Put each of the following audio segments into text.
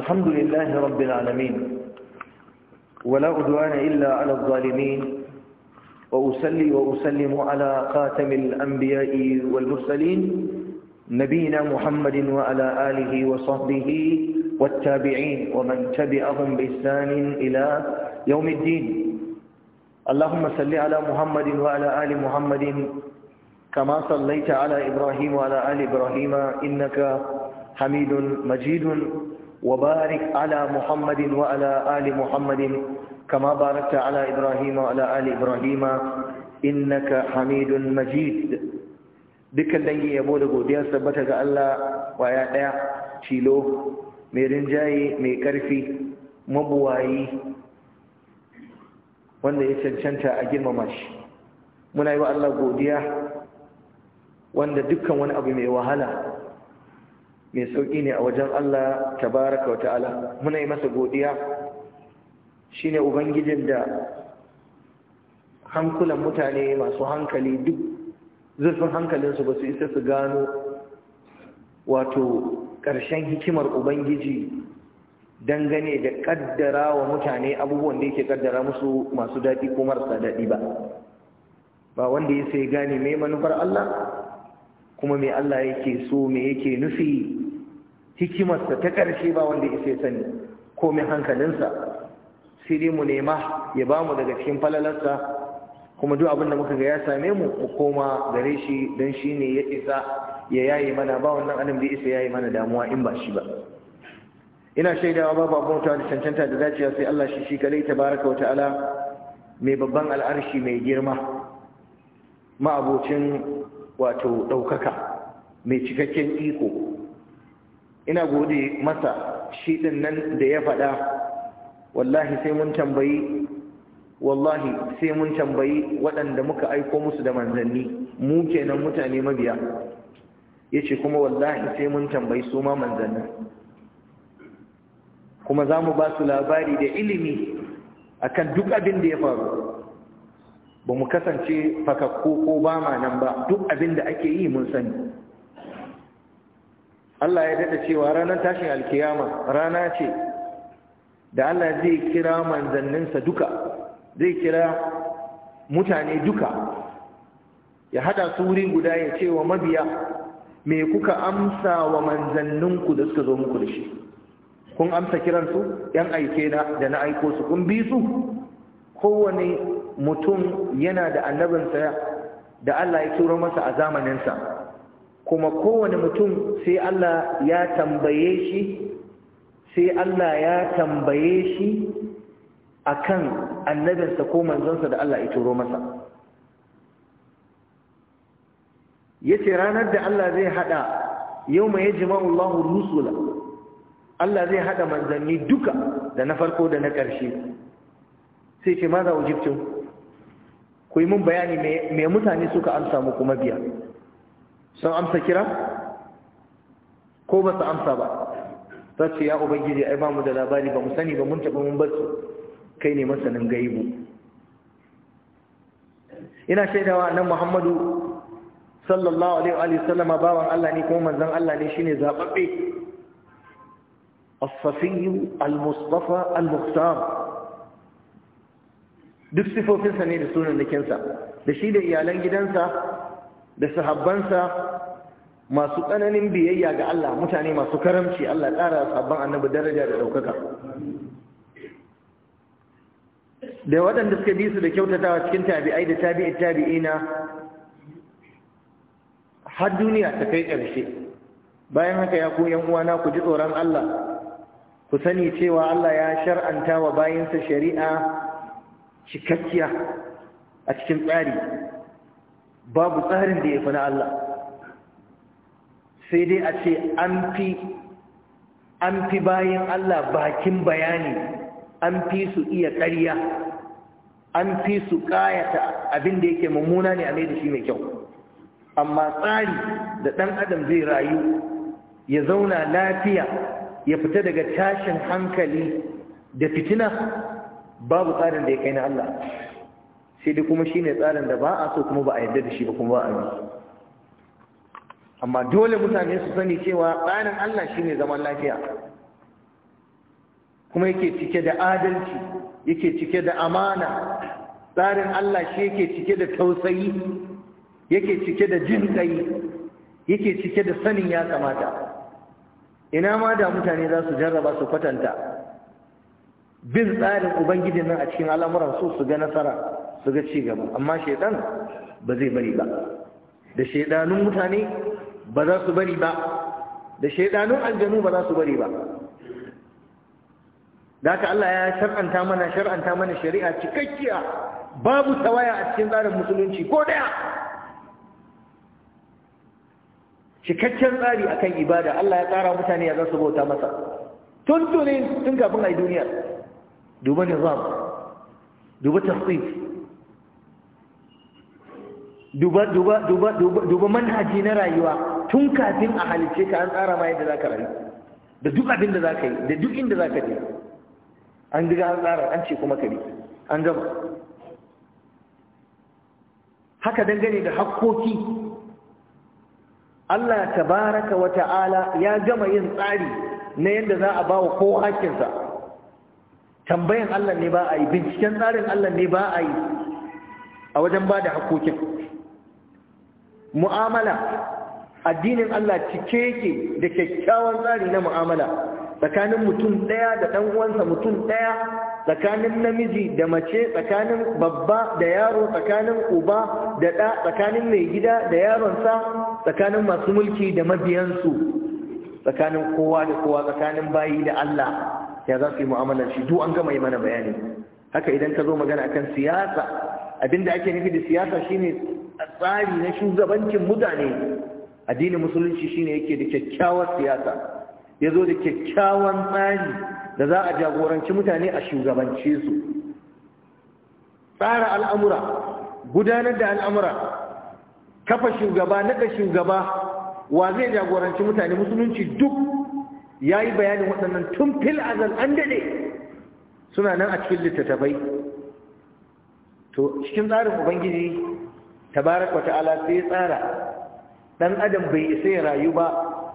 الحمد لله رب العالمين ولا عدوان إلا على الظالمين وأسلي وأسلم على خاتم الأنبياء والمرسلين نبينا محمد وعلى آله وصحبه والتابعين ومن تبعهم بإحسان إلى يوم الدين اللهم صل على محمد وعلى آل محمد كما صليت على إبراهيم وعلى آل إبراهيم إنك حميد مجيد وبارك على محمد وعلى آل محمد كما باركت على إبراهيم وعلى آل إبراهيم إنك حميد مجيد dukkan dangi yabo da godiya tabbata ga Allah ya ɗaya tilo mai rinjaye mai karfi mabuwayi wanda ya cancanta a girmama shi muna yi wa Allah godiya wanda dukkan wani abu mai wahala mai sauƙi ne a wajen Allah tabaraka wa ta'ala muna yi masa godiya shine ubangijin da hankulan mutane masu hankali duk zurfin hankalinsu ba su isa su gano wato ƙarshen hikimar ubangiji dangane da ƙaddara wa mutane abubuwan da yake ƙaddara musu masu daɗi ko marasa daɗi ba ba wanda ya sai gane mai manufar Allah kuma mai Allah yake so mai yake nufi hikimarsa ta ƙarshe ba wanda ya sani komai hankalinsa sai dai mu nema ya ba mu daga cikin falalarsa kuma duk abin da muka ga ya same mu mu koma gare shi don shi ne ya isa ya yaye mana ba wannan adam da isa yaye mana damuwa in ba shi ba ina shaidawa babu abin wuta da cancanta da dacewa sai Allah shi shi kalai tabaraka wa ta'ala mai babban al'arshi mai girma ma'abocin wato ɗaukaka mai cikakken iko ina gode masa shi ɗin nan da ya faɗa wallahi sai mun tambayi wallahi sai mun tambayi waɗanda muka aiko musu da manzanni mu kenan mutane mabiya ya ce kuma wallahi sai mun tambayi su ma manzannin kuma za mu ba su labari da ilimi a kan duk abin da ya faru ba mu kasance fakakko ko ba ma nan ba duk abin da ake yi mun sani Allah ya dada cewa ranar tashin alkiyama rana ce da Allah zai kira manzanninsa duka zai kira mutane duka ya hada su wuri guda ya ce wa mabiya me kuka amsa wa manzanninku da suka zo muku da shi kun amsa kiransu yan aike na da na aiko su kun bi su kowane mutum yana da annabinsa da Allah ya turo masa a zamaninsa kuma kowane mutum sai Allah ya tambaye shi sai Allah ya tambaye shi akan annabinsa ko manzonsa da Allah ya turo masa yace ranar da Allah zai hada yawma yajma'u Allahu rusula Allah zai hada manzanni duka da na farko da na ƙarshe sai ce ma za ujibtum ku yi mun bayani me mutane suka amsa muku mabiya sun amsa kira ko ba su amsa ba ta ce ya ubangiji ai ba mu da labari ba mu sani ba mun taɓa mun basu kai ne masanin gaibu ina shaidawa nan muhammadu sallallahu alaihi wa sallama bawan Allah ne kuma manzon Allah ne shine zababbe as-safiy al-mustafa al-mukhtar duk sifofinsa ne da sunan dakinsa da shi da iyalan gidansa da sahabbansa masu tsananin biyayya ga Allah mutane masu karamci Allah ƙara sahabban annabi daraja da ɗaukaka da waɗanda suka bi su da kyautatawa cikin tabi'ai da tabi'i tabi'ina har duniya ta kai ƙarshe bayan haka ya ku yan uwana ku ji tsoron Allah ku sani cewa Allah ya shar'anta wa bayinsa shari'a cikakkiya a cikin tsari babu tsarin da ya fi na Allah sai dai a ce an fi bayan Allah bakin bayani an fi su iya ƙarya an fi su ƙayata abinda da yake mummuna ne a mai da shi mai kyau amma tsari da ɗan adam zai rayu ya zauna lafiya ya fita daga tashin hankali da fitina babu tsarin da ya kai na Allah sai dai kuma shine tsarin da ba a so kuma ba a yarda da shi ba kuma ba a yi amma dole mutane su sani cewa tsarin Allah shine zaman lafiya kuma yake cike da adalci yake cike da amana tsarin Allah shi yake cike da tausayi yake cike da jin kai yake cike da sanin ya kamata ina ma da mutane za su jarraba su kwatanta bin tsarin ubangijin nan a cikin al'amuran su su ga nasara su ga ci gaba amma shaidan ba zai bari ba da shaidanun mutane ba za su bari ba da shaidanun aljanu ba za su bari ba da haka Allah ya shar'anta mana shar'anta mana shari'a cikakkiya babu tawaya a cikin tsarin musulunci ko daya cikakken tsari akan ibada Allah ya tsara mutane ya za su bauta masa tuntuni tun kafin a duniyar duba nizam duba tasdif duba duba duba duba duba manhaji na rayuwa tun kafin a halice ka an tsara ma yadda zaka rayu da duk abin da zaka yi da duk inda zaka je an diga an tsara an ce kuma kare an gama haka dangane da hakkoki Allah tabaraka wa ta'ala ya gama yin tsari na yadda za a ba wa ko hakkinsa tambayan Allah ne ba a yi binciken tsarin Allah ne ba a yi a wajen ba da hakkokin mu'amala addinin Allah cike yake da kyakkyawan tsari na mu'amala tsakanin mutum ɗaya da ɗan uwansa mutum ɗaya tsakanin namiji da mace tsakanin babba da yaro tsakanin uba da ɗa tsakanin mai gida da yaronsa tsakanin masu mulki da mabiyansu tsakanin kowa da kowa tsakanin bayi da Allah ya za su yi mu'amalar shi duk an gama yi mana bayani haka idan ka zo magana akan siyasa abinda ake nufi da siyasa shine tsari na shugabancin mutane addinin musulunci shine yake da kyakkyawar siyasa ya zo da kyakkyawan tsari da za a jagoranci mutane a shugabance su tsara al'amura gudanar da al'amura kafa shugaba naɗa shugaba wa zai jagoranci mutane musulunci duk ya yi bayanin waɗannan tun fil azal an dade suna nan a cikin littattafai to cikin tsarin ubangiji tabaraka ta'ala sai tsara dan adam bai isa ya rayu ba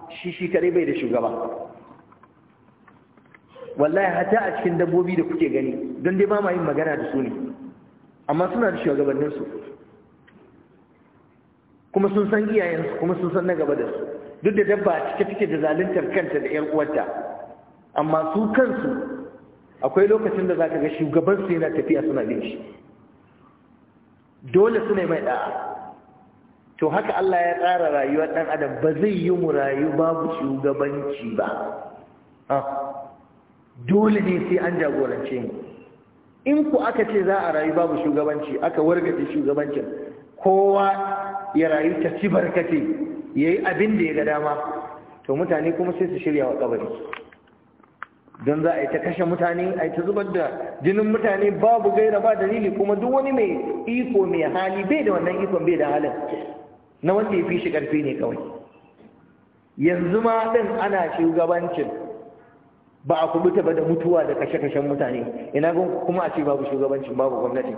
shi shi kare bai da shugaba wallahi hata a cikin dabbobi da kuke gani don dai ba yin magana da su ne amma suna da shugabanninsu kuma sun san iyayensu kuma sun san na gaba da su duk da dabba cike take da zaluntar kanta da ƴan uwarta amma su kansu akwai lokacin da zaka ga shugabansu yana tafiya suna bin shi dole su ne mai ɗa'a. to haka Allah ya tsara rayuwar ɗan adam ba zai yi mu rayu babu shugabanci ba ah, dole ne sai an jagorance mu in ku aka ce za a rayu babu shugabanci aka wargaje shugabancin kowa ya rayu ta ci barkace ya yi abin da ya ga dama to mutane kuma sai su shirya wa kabari don za a yi ta kashe mutane a yi ta zubar da jinin mutane babu gaira ba dalili kuma duk wani mai iko mai hali bai da wannan ikon bai da halin na wanda ya fi shi karfi ne kawai yanzu ma ɗin ana shugabancin ba a kubuta ba da mutuwa da kashe-kashen mutane ina gan kuma a ce babu shugabancin babu gwamnati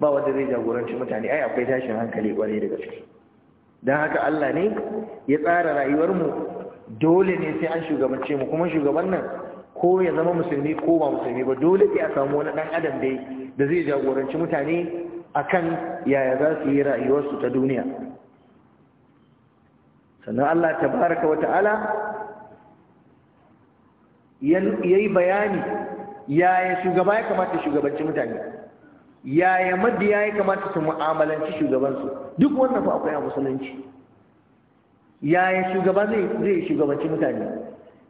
ba wanda zai jagoranci mutane ai akwai tashin hankali kwarai da gaske don haka Allah ne ya tsara rayuwarmu dole ne sai an shugabance mu kuma shugaban nan ko ya zama musulmi ko ba musulmi ba dole sai a samu wani ɗan adam dai da zai jagoranci mutane akan yaya za su yi rayuwarsu ta duniya sannan Allah tabaraka wata'ala ya yi bayani yaya shugaba ya kamata shugabanci mutane yaya madiya ya kamata su mu'amalanci shugabansu duk wannan fa akwai a musulunci yaya shugaba zai shugabanci mutane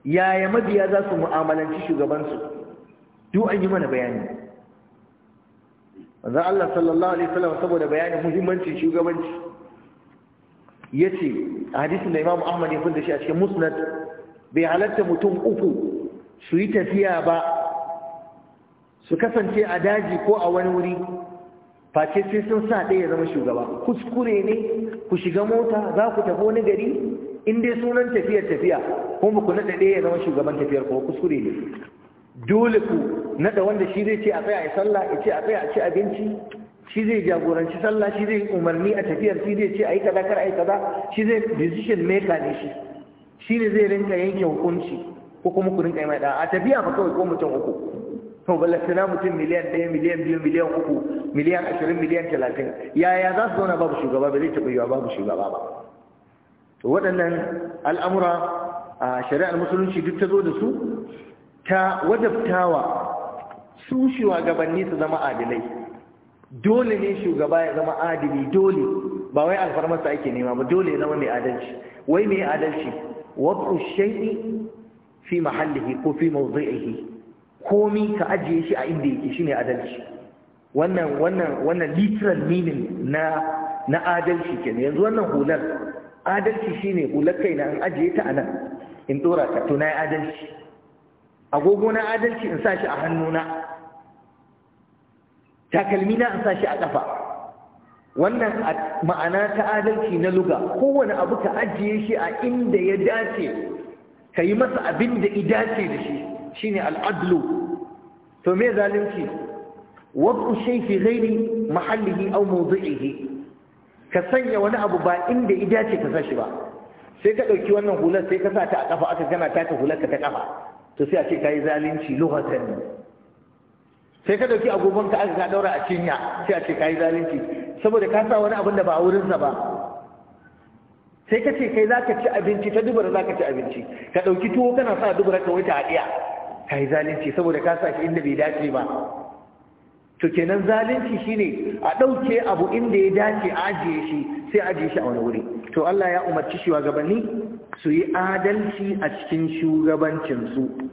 yaya mabiya za su mu'amalanci shugabansu duk an yi mana bayani manzon Allah sallallahu alaihi wasallam saboda bayanin muhimmancin shugabanci ce a hadisun da imamu Ahmad ya fada shi a cikin Musnad bai halatta mutum uku su yi tafiya ba su kasance a daji ko a wani wuri face sai sun sa ɗaya ya zama shugaba kuskure ne ku shiga mota za ku tafi wani gari in dai sunan tafiyar tafiya kuma ku naɗa ɗaya ya zama shugaban tafiyar kuma kuskure ne dole ku naɗa wanda shi zai ce a tsaya a sallah ya ce a tsaya a ci abinci shi zai jagoranci sallah shi zai umarni a tafiyar shi zai ce a yi kaza kar a yi kaza shi zai decision maker ne shi shi ne zai rinka yanke hukunci ko kuma ku rinka yi mai a tafiya fa kawai ko mutum uku to ballasana mutum miliyan ɗaya miliyan biyu miliyan uku miliyan ashirin miliyan talatin yaya za su zauna babu shugaba ba zai taɓa yiwa babu shugaba ba to waɗannan al'amura a shari'ar musulunci duk ta zo da su ta wajabtawa su shugabanni su zama adilai dole ne shugaba ya zama adili dole ba wai alfarmarsa ake nema ba dole ya zama mai adalci wai mai adalci wadda shaiɗi fi mahallihi ko fi mawdu'ihi komi ka ajiye shi a inda yake shine adalci wannan wannan wannan literal meaning na na adalci kenan yanzu wannan hular adalci shine hular kaina an ajiye ta anan in dora ka adalci agogo na adalci in sashi a hannuna takalmi na in a kafa wannan ma'ana ta adalci na luga kowane abu ka ajiye shi a inda ya dace ka yi masa abin da ya dace da shi shine al'adlu to me zalunci wasu shay fi ghairi mahallihi aw mawdi'ihi ka sanya wani abu ba inda ya dace ka sa shi ba sai ka ɗauki wannan hular sai ka sa ta a ƙafa aka gana ta hular ka ta ƙafa to sai a ce ka yi zalunci lokacin sai ka ɗauki agogon ka aka ka ɗaura a cinya sai a ce ka yi zalunci saboda ka sa wani abin da ba a wurinsa ba sai ka ce kai za ka ci abinci ta dubara za ka ci abinci ka ɗauki tuwo kana sa dubara ka wuce a ɗiya ka yi zalunci saboda ka sa shi inda bai dace ba to kenan zalunci shine a ɗauke abu inda ya dace a ajiye shi sai ajiye shi a wani wuri to Allah ya umarci shugabanni su yi adalci a cikin shugabancinsu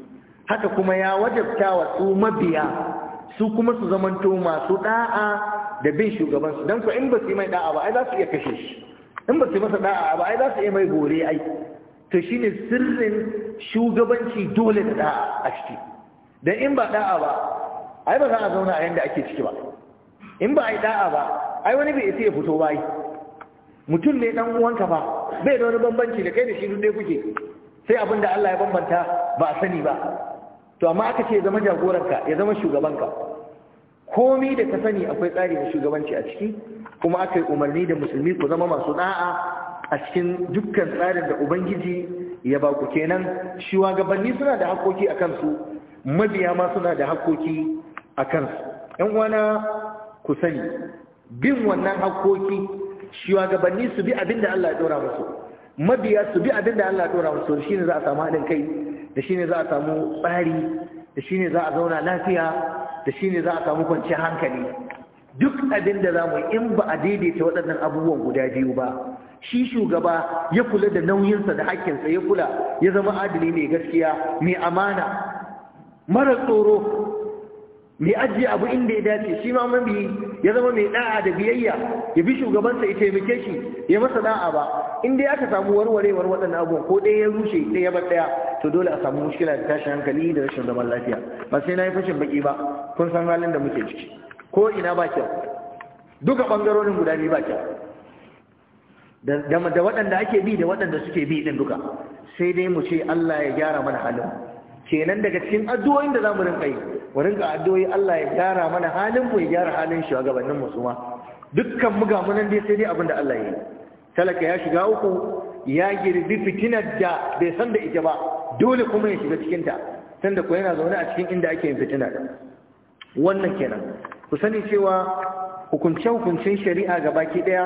haka kuma ya wajabta wa su mabiya su kuma su zamanto masu da'a da bin shugabansu don ku in ba su yi mai da'a ba ai za su iya kashe shi in ba su yi masa da'a ba ai za su iya mai gore ai to shine sirrin shugabanci dole da da'a a ciki don in ba da'a ba ai ba za a zauna a yanda ake ciki ba in ba a yi da'a ba ai wani bai isa ya fito ba mutum ne dan uwanka ba bai da wani bambanci da kai da shi duk kuke sai abin da Allah ya bambanta ba a sani ba to amma aka ce ya zama jagoranka ya zama shugabanka komi da ka sani akwai tsari da shugabanci a ciki kuma aka yi umarni da musulmi ku zama masu da'a a cikin dukkan tsarin da ubangiji ya ba ku kenan Shuwagabanni suna da hakoki a kansu mabiya ma suna da hakoki a kansu ‘yan wana ku sani bin wannan hakoki shugabanni su bi abin da Allah ya ɗora musu mabiya su bi abin da Allah ya ɗora musu shi ne za a samu haɗin kai da shi ne za a samu tsari da shi ne za a zauna lafiya da shi ne za a samu kwanciyar hankali duk abin da za mu in ba a daidaita waɗannan abubuwan guda biyu ba shi shugaba ya kula da nauyinsa da hakkinsa ya kula ya zama adali mai gaskiya mai amana mara tsoro mai ajiye abu inda ya dace shi ma mabi ya zama mai da'a da biyayya ya bi shugabansa ya taimake shi ya masa da'a ba in dai aka samu warwarewar waɗannan abubuwan ko ɗaya ya rushe ɗaya ba ɗaya to dole a samu mushkila da tashin hankali da rashin zaman lafiya ba sai na yi fashin baki ba kun san halin da muke ciki ko ina ba kyau duka ɓangarorin guda biyu ba kyau da waɗanda ake bi da waɗanda suke bi ɗin duka sai dai mu ce Allah ya gyara mana halin mu kenan daga cikin addu'o'in da za mu rinka yi mu rinka addu'o'i Allah ya gyara mana halin mu ya gyara halin shugabannin mu suma dukkan mu ga mu nan dai sai dai abin da Allah ya yi talaka ya shiga uku ya girbi fitinar da bai san da ita ba dole kuma ya shiga cikin ta tunda ko yana zaune a cikin inda ake yin fitina da. wannan kenan ku sani cewa hukunce hukuncen shari'a gabaki daya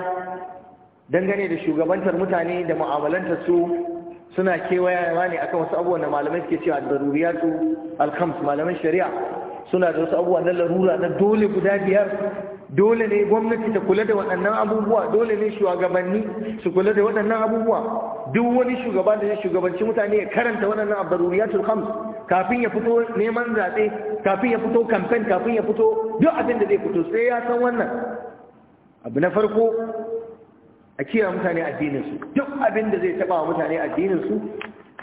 dangane da shugabantar mutane da mu'amalantar su suna kewayawa ne akan wasu abubuwan da malamai suke cewa daruriyatu alkhams malaman shari'a suna da wasu abubuwa na larura na dole guda biyar dole ne gwamnati ta kula da waɗannan abubuwa dole ne shugabanni su kula da waɗannan abubuwa duk wani shugaba da ya shugabanci mutane ya karanta waɗannan abdaruriyatul khams kafin ya fito neman zaɓe kafin ya fito kamfen kafin ya fito duk abin da zai fito sai ya san wannan abu na farko a cewa mutane addininsu, duk abin da zai taba mutane addininsu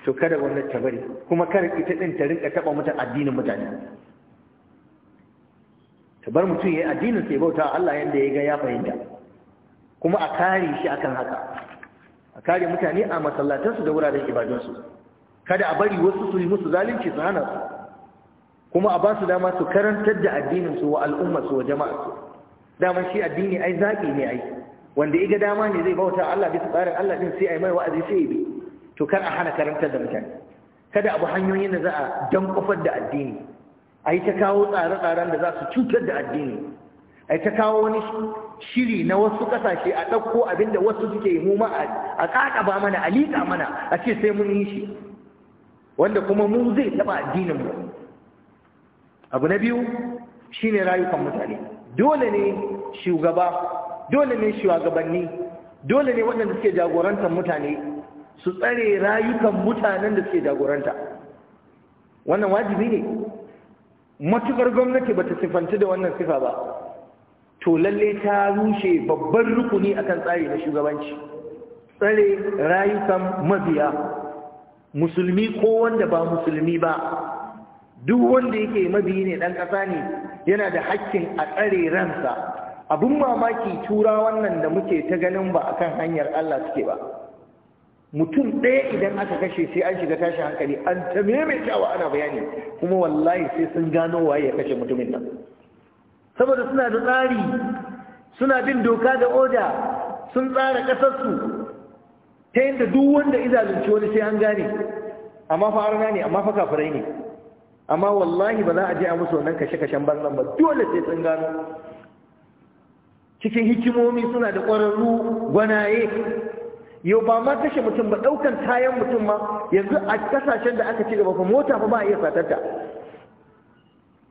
to kada wannan ta bari kuma kada ita din ta rinka taba mutane addinin mutane ta bar mutum ya yi addinin sai bauta Allah yanda ya ga ya fahimta kuma a kare shi akan haka a kare mutane a masallatansu da wuraren ibadunsu kada a bari wasu su yi musu zalunci su hana kuma a ba su dama su karantar da addininsu wa su wa jama'arsu dama shi addini ai zaki ne ai wanda ya ga dama ne zai bauta Allah bisa tsarin Allah din sai ai mai wa'azi sai ya bi to kar a hana karantar da mutane kada abu hanyoyin da za a dan kofar da addini ai ta kawo tsare-tsaren da za su cutar da addini ai ta kawo wani shiri na wasu kasashe a ɗauko abinda wasu suke yi mu a ƙaƙaba mana a liƙa mana a ce sai mun yi shi wanda kuma mu zai taɓa addinin mu abu na biyu shine rayukan mutane dole ne shugaba dole ne shugabanni dole ne waɗanda suke jagorantar mutane su tsare rayukan mutanen da suke jagoranta wannan wajibi ne matukar gwamnati ba ta siffanci da wannan sifa ba to lalle ta rushe babban rukuni akan tsari na shugabanci tsare rayukan maziya. musulmi ko wanda ba musulmi ba duk wanda yake mabiyi ne ɗan ƙasa ne yana da hakkin a tsare ransa abin mamaki tura wannan da muke ta ganin ba akan hanyar Allah suke ba mutum ɗaya idan aka kashe sai an shiga tashi hankali an ta cewa ana bayani kuma wallahi sai sun gano waye ya kashe mutumin nan saboda suna da tsari suna bin doka da oda sun tsara ƙasarsu ta yadda duk wanda izalunci wani sai an gane amma fa arna ne amma fa kafirai ne amma wallahi ba za a je a musu wannan kashe-kashen banzan ba dole sai sun gano cikin hikimomi suna da ƙwararru gwanaye yau ba ma kashe mutum ba ɗaukan kayan mutum ma yanzu a kasashen da aka ci gaba fa mota fa ba a iya satarta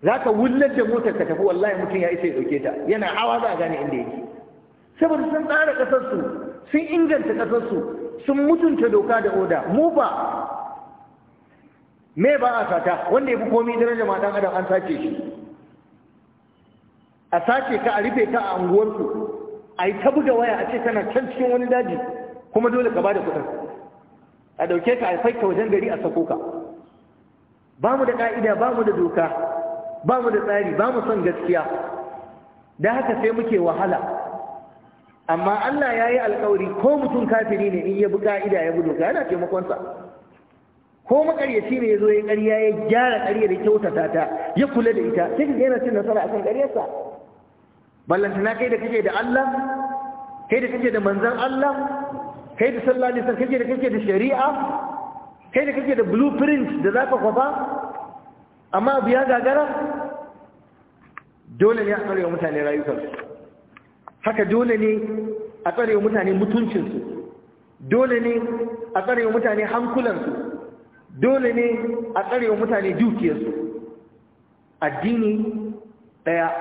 za ka wullar da motar ka tafi wallahi mutum ya isa ya ɗauke ta yana hawa za a gane inda yake saboda sun tsara ƙasarsu sun inganta ƙasarsu sun mutunta doka da oda mu ba me ba a sata wanda ya fi komi daraja ma ɗan adam an sace shi a sace ka a rufe ka a unguwarku a yi ta buga waya a ce kana can cikin wani daji kuma dole ka bada kuɗin a ɗauke ka a fai ka wajen gari a sako ka ba mu da ƙa'ida ba mu da doka ba mu da tsari ba mu son gaskiya da haka sai muke wahala amma Allah ya yi alkawari ko mutum kafiri ne in ya bi ka'ida ya bi doka yana taimakonsa ko makaryaci ne ya zo ya karya ya gyara ƙarya da kyautata ta ya kula da ita sai ka yana cin nasara akan ƙaryarsa ballantana kai da kake da Allah kai da kake da manzan Allah kai da sallallahu alaihi wasallam kake da kake da shari'a kai da kake da blueprint da zaka kwafa amma abu ya gagara dole ne a tsarewa mutane rayukansu haka dole ne a tsarewa mutane mutuncinsu dole ne a tsarewa mutane hankulansu dole ne a tsarewa mutane dukiyarsu addini ɗaya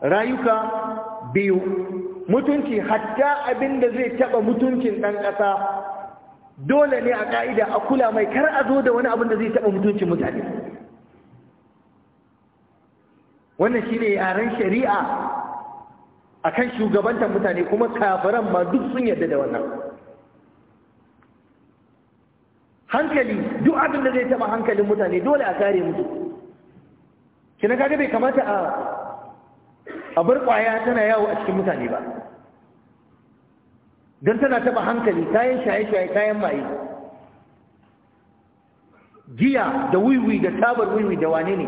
rayuka biyu mutunci hatta abin da zai taɓa mutuncin ɗan ƙasa dole ne a ƙa'ida a kula mai kar a zo da wani abin da zai taɓa mutuncin mutane wannan shi ne yaren shari'a a kan shugabantar mutane kuma kafiran ma duk sun yadda da wannan hankali duk abin da zai taɓa hankalin mutane dole a kare mutu kina kaga bai kamata a a bar kwaya tana yawo a cikin mutane ba don tana taba hankali kayan shaye-shaye kayan maye giya da wiwi da tabar wiwi da wane ne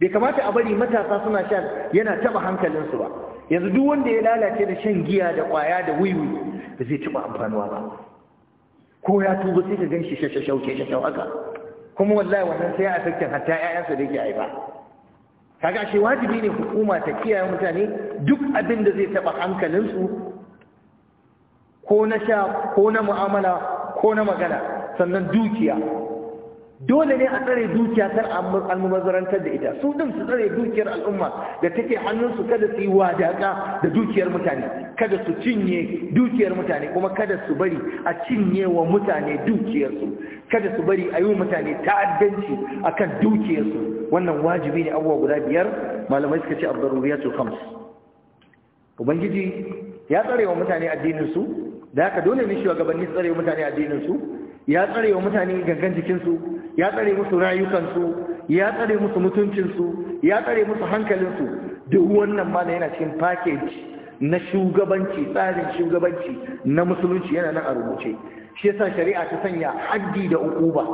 bai kamata a bari matasa suna shan yana taba hankalinsu ba yanzu duk wanda ya lalace da shan giya da kwaya da wiwi da zai taba amfanuwa ba ko ya tuba sai ka gan shi shashashau ke shashau haka kuma wallahi wannan sai ya afektin hatta 'ya'yansa da yake haifa kaga shi wajibi ne hukuma ta kiyaye mutane duk abin da zai taba hankalinsu ko na sha ko na mu'amala ko na magana sannan dukiya dole ne a tsare dukiya kar almubazzarantar da ita su din su tsare dukiyar al'umma da take hannunsu kada su yi daka da dukiyar mutane kada su cinye dukiyar mutane kuma kada su bari a cinye wa mutane dukiyarsu kada su bari a yi mutane ta'addanci a kan dukiyarsu wannan wajibi ne abuwa guda biyar malamai suka ce abdaruriyatul khams ubangiji ya tsarewa wa mutane addinin su da haka dole ne shugabanni tsare wa mutane addinin su ya tsarewa mutane gangan jikin su ya tsare musu rayukansu ya tsare musu mutuncinsu ya tsare musu hankalinsu duk wannan ma yana cikin package na shugabanci tsarin shugabanci na musulunci yana nan a rubuce shi yasa shari'a ta sanya haddi da uquba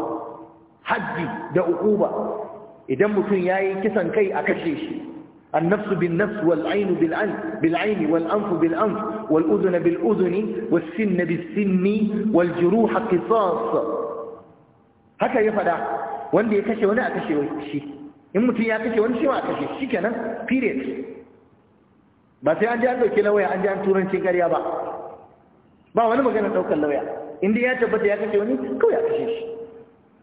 haddi da uquba idan mutum yayi kisan kai a kashe shi bin wal wal bil bil an, anf, bil بالنفس wal بالعين بالعين والأنف بالأنف والأذن بالأذن والسن بالسن والجروح قصاص haka ya fada wanda ya kashe wani a kashe shi in mutum ya kashe wani shi ma a kashe shi kenan period ba sai an ji an dauki lauya an ji an turanci ƙarya ba ba wani magana daukar lauya inda ya tabbata ya kashe wani kawai a kashe shi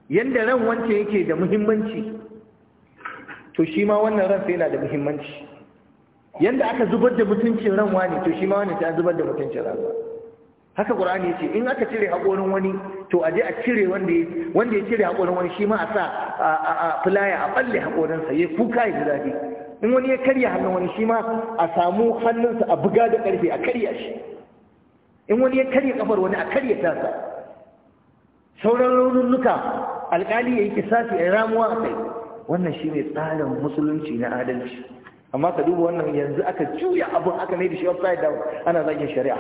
Yadda ran wancan yake da muhimmanci to shi ma wannan ran sai yana da muhimmanci Yadda aka zubar da mutuncin ran wani to shi ma wani ta zubar da mutuncin ran haka qur'ani yace in aka cire haƙorin wani to a je a cire wanda wanda ya cire haƙorin wani shi ma a sa a fulaya a balle haƙorinsa sa yayi kuka ya zafi in wani ya karya hannun wani shi ma a samu hannunsa a buga da ƙarfe a karya shi in wani ya karya kafar wani a karya tasa sauran raunuka alkali ya yi kisafi a ramuwa a kai wannan shi ne tsarin musulunci na adalci amma ka duba wannan yanzu aka juya abin aka mai da shi upside down ana zagin shari'a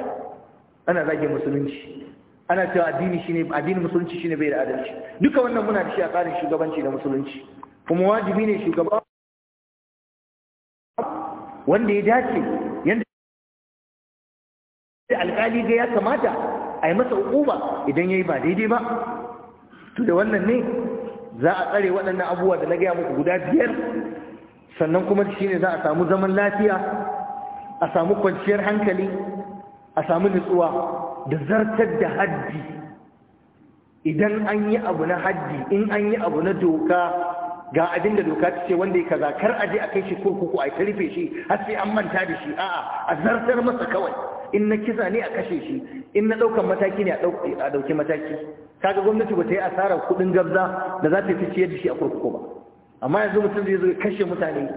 ana zagin musulunci ana cewa addini shine addinin musulunci shine bai da adalci duka wannan muna da shi a tsarin shugabanci da musulunci kuma wajibi ne shugaba wanda ya dace alƙali ga ya kamata a yi masa hukuma idan ya yi ba daidai ba to da wannan ne za a tsare waɗannan abubuwa da na gaya muku guda biyar sannan kuma shi ne za a samu zaman lafiya a samu kwanciyar hankali a samu nutsuwa da zartar da haddi idan an yi abu na haddi in an yi abu na doka ga abin da doka ta ce wanda ya kaza kar aje a kai shi kurkuku a ta rufe shi har sai an manta da shi a'a a zartar masa kawai in na kisa ne a kashe shi in na ɗaukan mataki ne a ɗauki mataki kaga gwamnati ba ta yi asarar kuɗin gabza da za ta fi ciyar da shi a kurkuku ba amma yanzu mutum zai zo ya kashe mutane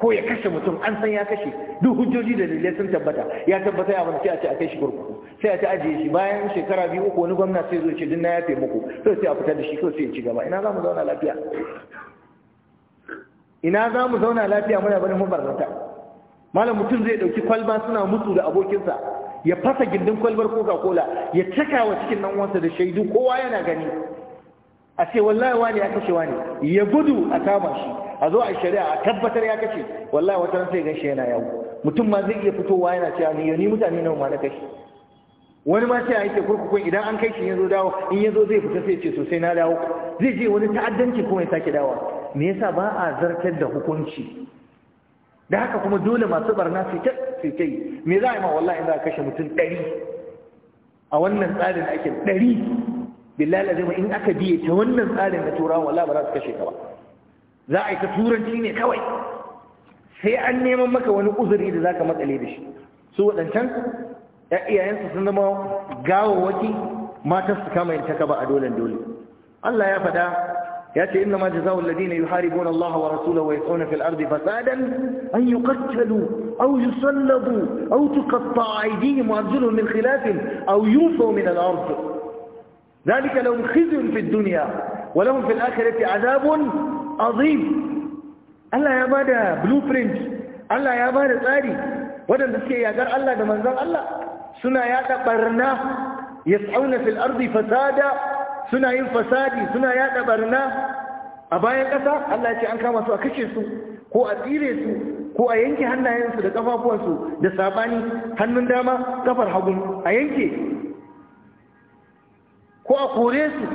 ko ya kashe mutum an san ya kashe duk hujjoji da dalilai sun tabbata ya tabbata ya sai a ce a kai shi kurkuku sai a ta ajiye shi bayan shekara biyu uku wani gwamna sai zo ce din na yafe muku sai sai a fitar da shi sai ya ci gaba ina za mu zauna lafiya ina za mu zauna lafiya muna barin mabarnata malam mutum zai dauki kwalba suna mutu da abokinsa ya fasa gindin kwalbar coca cola ya caka wa cikin nan uwansa da shaidu kowa yana gani a ce wallahi wani ya kashe wani ya gudu a kama shi a zo a shari'a a tabbatar ya kashe wallahi wata ran sai yana yawo mutum ma zai iya fitowa yana cewa ni ni mutane nawa ma na kashe wani ma sai yake kurkuku idan an kai shi ya zo dawo in ya zo zai fita sai ce sosai na dawo zai je wani ta'addanci kuma ya sake dawo me yasa ba a zartar da hukunci da haka kuma dole masu barna su ta su ta yi me za a yi ma wallahi za a kashe mutum ɗari a wannan tsarin da ake ɗari billahi lazima in aka biye ta wannan tsarin na turawa wallahi ba za su kashe ka ba za a yi ta turanci ne kawai sai an neman maka wani uzuri da zaka matsale da shi su waɗancan iyayensu sun zama gawawaki matar su kama yin kaba a dolen dole Allah ya faɗa ياتي انما جزاء الذين يحاربون الله ورسوله ويسعون في الارض فسادا ان يقتلوا او يسلبوا او تقطع ايديهم وارجلهم من خلاف او ينفوا من الارض ذلك لهم خزي في الدنيا ولهم في الاخره عذاب عظيم Allah بلو bada blueprint يا ya bada tsari waɗanda suke يا Allah الله manzon Allah سنا يا تقرنا يسعون في الأرض فسادا suna yin fasadi suna yada barna a bayan ƙasa Allah ya ce an kama su a kashe su ko a tsire su ko a yanke hannayensu da ƙafafuwansu da sabani hannun dama kafar hagu a yanke ko a kore su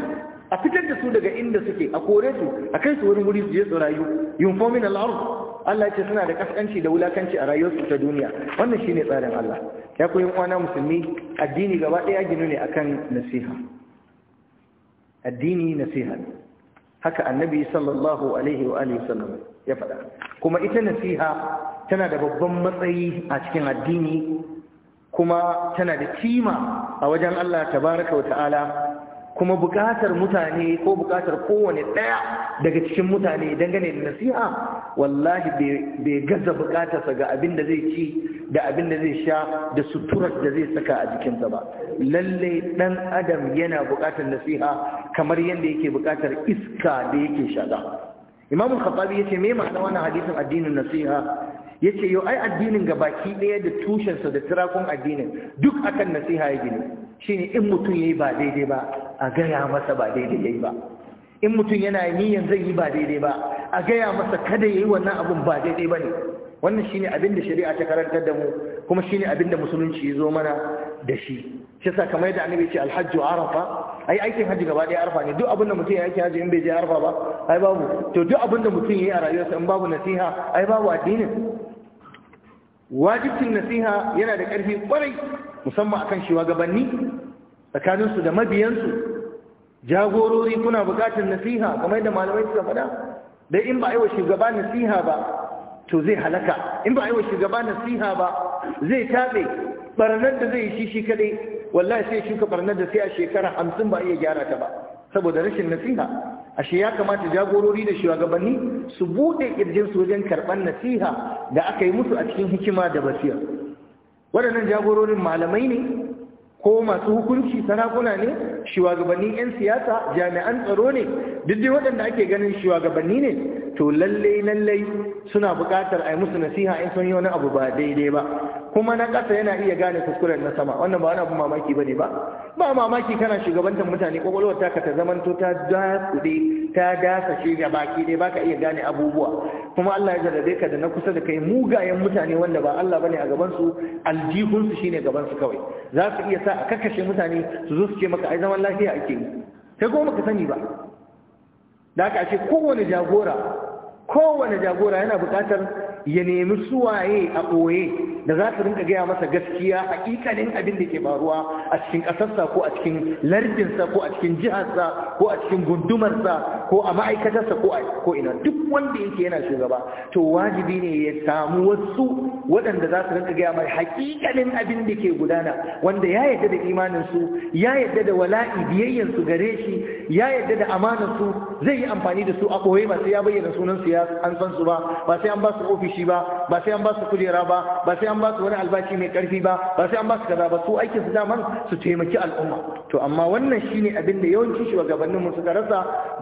a fitar da su daga inda suke a kore su a kai su wurin wuri su je su rayu yunfomin al'arzu Allah ce suna da kaskanci da wulakanci a rayuwarsu ta duniya wannan shine tsarin Allah ya koyi kwana musulmi addini gaba ɗaya ginu ne akan nasiha addini nasiha haka annabi sallallahu alaihi wa alihi sallam ya faɗa kuma ita nasiha tana da babban matsayi a cikin addini kuma tana da kima a wajen Allah tabaraka wa ta'ala kuma buƙatar mutane ko buƙatar kowane ɗaya daga cikin mutane dangane da nasiha wallahi bai gaza buƙatarsa ga abin da zai ci da abin da zai sha da suturar da zai saka a jikinsa ba lalle ɗan adam yana buƙatar nasiha kamar yadda yake buƙatar iska da yake shaga imam khattabi yace me ma'ana wannan hadisin addinin nasiha yace yau ai addinin ga baki ɗaya da tushensa da tirakun addinin duk akan nasiha ya gini shine in mutum yayi ba daidai ba a gaya masa ba daidai yayi ba in mutum yana niyyar zai yi ba daidai ba a gaya masa kada ya yi wannan abun ba daidai ba ne. wannan shine abin da shari'a ta karantar da mu kuma shine abin da musulunci ya zo mana da shi shi yasa kamar yadda annabi ce alhajju arafa ai aikin hajji gaba ɗaya arafa ne duk abin da mutum ya yi haji in bai je arafa ba ai babu to duk abin da mutum ya yi a rayuwarsa in babu nasiha ai babu addinin wajibcin nasiha yana da ƙarfi ƙwarai, musamman akan gabanni, tsakaninsu da mabiyansu jagorori kuna buƙatar nasiha kamar da malamai suka faɗa dai in ba a yi wa shugaba nasiha ba to zai halaka in ba a yi wa shugaba nasiha ba zai taɓe barnar da zai yi shi shi kaɗai wallahi sai shuka barnar da sai a shekara hamsin ba iya gyara ta ba saboda rashin nasiha ashe ya kamata jagorori da shugabanni su buɗe su wajen karɓar nasiha da aka yi musu a cikin hikima da basira waɗannan jagororin malamai ne ko masu hukunci sarakuna ne Shugabanni 'yan siyasa jami'an tsaro ne duk dai waɗanda ake ganin shugabanni ne to lallai lallai suna buƙatar a yi musu nasiha in sun yi wani abu ba daidai ba kuma na ƙasa yana iya gane kuskuren na sama wannan ba wani abu mamaki ba ne ba ba mamaki kana shugabantar mutane kwakwalwar taka ta zamanto ta dakuɗe ta dasa shi ga baki dai baka iya gane abubuwa kuma Allah ya jarrabe ka da na kusa da kai mugayen mutane wanda ba Allah bane a gaban su aljihun su shine gaban su kawai za su iya sa a kakkashe mutane su zo su ce maka ai zaman lafiya ake yi kai kuma ka sani ba da aka ce kowane jagora kowane jagora yana buƙatar ya nemi suwaye a ɓoye da za su rinka gaya masa gaskiya haƙiƙanin abin da ke faruwa a cikin ƙasarsa ko a cikin lardinsa ko a cikin jiharsa ko a cikin gundumarsa ko a ma'aikatarsa ko a ko'ina duk wanda yake yana shugaba to wajibi ne ya samu wasu waɗanda za su rinka gaya mai haƙiƙanin abin da ke gudana wanda ya yadda da imaninsu ya yadda da wala'i biyayyansu gare shi ya yadda da amanarsu zai yi amfani da su a ɓoye ba sai ya bayyana sunansu ya an san su ba ba sai an ba su ofishi shi ba ba sai an ba su kujera ba ba sai an ba su wani albashi mai karfi ba ba sai an ba su kaza ba su aikin su daman su taimaki al'umma to amma wannan shine abin da yawanci shugabannin mu suka rasa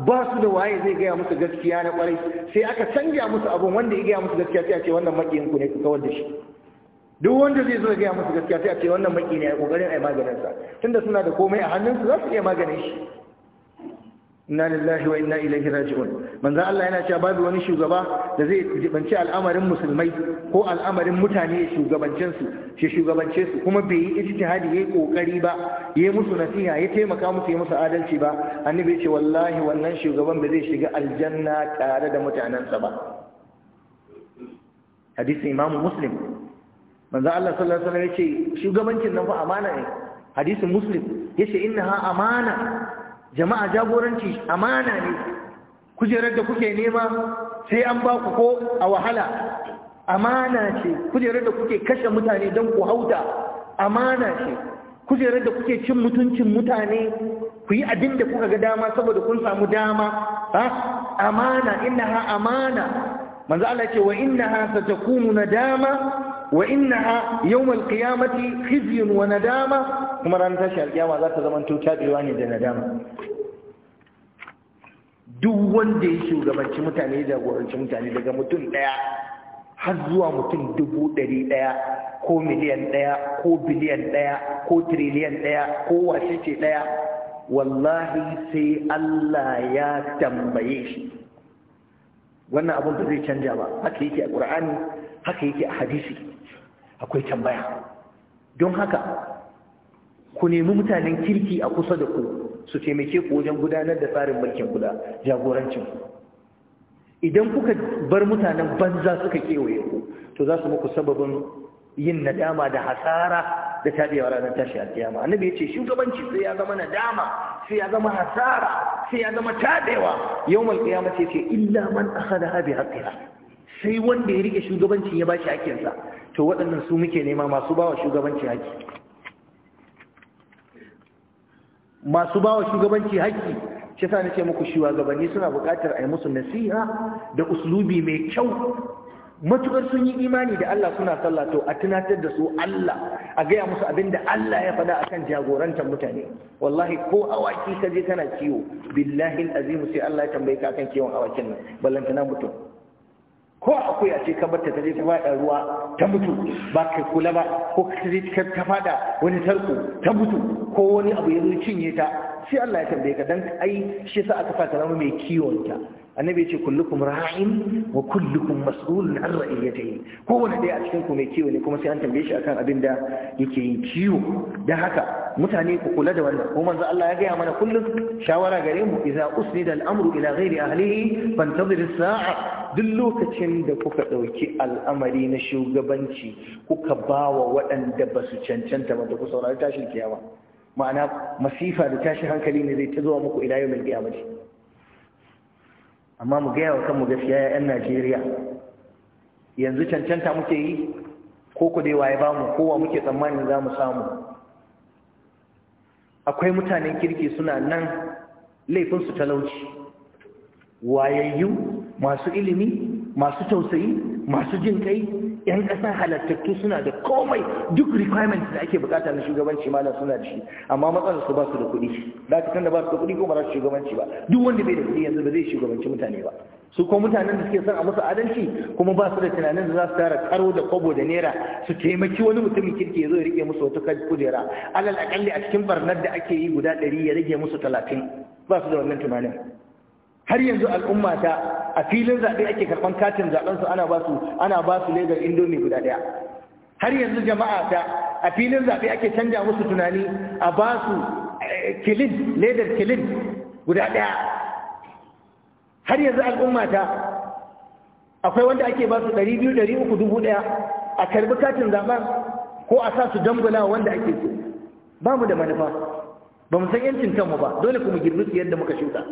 ba su da waye zai gaya musu gaskiya na kwarai sai aka canja musu abun wanda ya gaya musu gaskiya sai a ce wannan makiyin ku ne ku kawar da shi duk wanda zai zo ya gaya musu gaskiya sai a ce wannan makiyin ne a kokarin a maganin sa tunda suna da komai a hannunsu za su iya maganin shi inna lillahi wa inna ilaihi raji'un manzo Allah yana cewa babu wani shugaba da zai jibanci al'amarin musulmai ko al'amarin mutane ya shugabancin su shi shugabance su kuma bai yi ijtihadi yayi kokari ba yayi musu nasiha ya taimaka musu ya musu adalci ba annabi ya ce wallahi wannan shugaban ba zai shiga aljanna tare da sa ba hadisi imamu muslim manzo Allah sallallahu alaihi wasallam ya ce shugabancin nan fa amana ne hadisi muslim yace innaha amana jama'a jagoranci amana ne kujerar da kuke nema sai an ba ku ko a wahala amana ce kujerar da kuke kashe mutane don ku hauta amana ce kujerar da kuke cin mutuncin mutane ku yi abin da kuka ga dama saboda kun samu dama amana ha amana manzo Allah ce wa innaha satakunu nadama wa innaha yawmal qiyamati khizyun wa nadama kuma ran tashi alkiyama za ta zama to tabewa ne da nadama duk wanda ya shugabanci mutane ya jagoranci mutane daga mutum daya har zuwa mutum dubu ɗari ɗaya ko miliyan ɗaya ko biliyan ɗaya ko tiriliyan ɗaya ko washe ce ɗaya wallahi sai Allah ya tambaye shi wannan abin ba zai canja ba haka yake a ƙur'ani haka yake a hadisi akwai tambaya don haka ku nemi mutanen kirki a kusa da ku su taimake ku wajen gudanar da tsarin mulkin kula jagorancin idan kuka bar mutanen banza suka kewaye ku to za su muku sababin yin nadama da hasara da tabewa ranar tashi alkiyama annabi ya ce shugabanci sai ya zama nadama sai ya zama hasara sai ya zama tabewa yawmal qiyamati ce illa man akhadha bi haqqiha sai wanda ya rike shugabancin ya ba shi hakinsa, to waɗannan su muke nema masu bawa shugabanci haƙƙi masu bawa shugabanci haƙƙi shi sa nake muku shugabanni suna buƙatar a yi musu nasiha da uslubi mai kyau matukar sun yi imani da Allah suna sallah to a tunatar da su Allah a gaya musu abin da Allah ya faɗa akan jagorantar mutane wallahi ko awaki ka je kana ciwo, billahi azim sai Allah ya tambaye ka akan kiwon awakin nan ballantana mutum ko akwai a ce ka barta ta je ta faɗa ruwa ta mutu ba ka kula ba ko ka je ta faɗa wani tarko ta mutu ko wani abu ya zo cinye ta sai Allah ya tambaye ka dan ai shi yasa aka kasa zama mai kiwon ta annabi ya ce kullukum ra'in wa kullukum mas'ulun an ra'iyatihi kowanne dai a cikin ku mai kiwo ne kuma sai an tambaye shi akan abin da yake yin kiwo dan haka mutane ku kula da wannan ko manzo Allah ya gaya mana kullum shawara gare mu idza usnida al-amru ila ghairi ahlihi fantazir as-sa'a duk lokacin da kuka ɗauki al'amari na shugabanci kuka ba wa waɗanda ba su cancanta ba da ku saurari tashin kiyama ma'ana masifa da tashi hankali ne zai ta zuwa muku ila yau mai mace amma mu gaya wa mu gaskiya ya 'yan najeriya yanzu cancanta muke yi ko ku dai waye bamu kowa muke tsammanin za mu samu akwai mutanen kirki suna nan laifinsu talauci wayayyu masu ilimi masu tausayi masu jin kai yan ƙasa halattattu suna da komai duk requirements da ake bukata na shugabanci ma suna da shi amma matsalar su ba su da kuɗi da ka san da ba su da kuɗi ko ba za su shugabanci ba duk wanda bai da kuɗi yanzu ba zai shugabanci mutane ba su ko mutanen da suke son a musu adalci kuma ba su da tunanin da za su tara karo da kwabo da naira su taimaki wani mutumin kirki ya zo ya rike musu wata kujera alal akalli a cikin barnar da ake yi guda ɗari ya rage musu talatin ba su da wannan tunanin har yanzu al'umma ta a filin zaɓe ake karɓan katin zaɓen su ana ba su ana ba su legar indomi guda ɗaya har yanzu jama'a ta a filin zaɓe ake canja musu tunani a ba su eh, kilin ledar kilin guda ɗaya har yanzu al'umma ta akwai wanda ake ba su ɗari biyu ɗari uku dubu ɗaya a karɓi katin zaɓen ko a sa su dangula wanda ake so ba mu da manufa ba mu san yancin kanmu ba dole kuma girbi su yadda muka shuka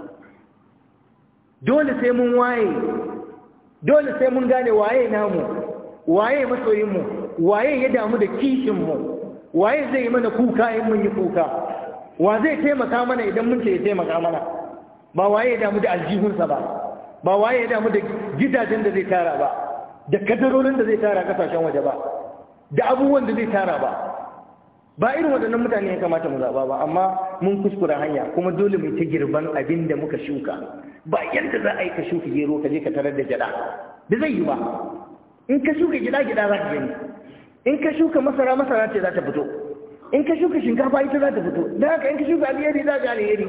dole sai mun waye dole sai mun gane waye namu waye masoyinmu waye ya damu da kishinmu waye zai yi mana kuka in mun yi kuka wa zai taimaka mana idan mun ce ya taimaka mana ba waye ya damu da aljihunsa ba ba waye ya damu da gidajen da zai tara ba da kadarorin da zai tara kasashen waje ba da abubuwan da zai tara ba ba irin waɗannan mutane ya kamata mu zaɓa ba amma mun kuskura hanya kuma dole mu ta girban abin da muka shuka ba yadda za a yi ka shuka gero ka je ka tarar da gyaɗa Ba zai yi ba in ka shuka gyaɗa gyaɗa za ka gani in ka shuka masara masara ce za ta fito in ka shuka shinkafa ita za ta fito da haka in ka shuka alheri za ka alheri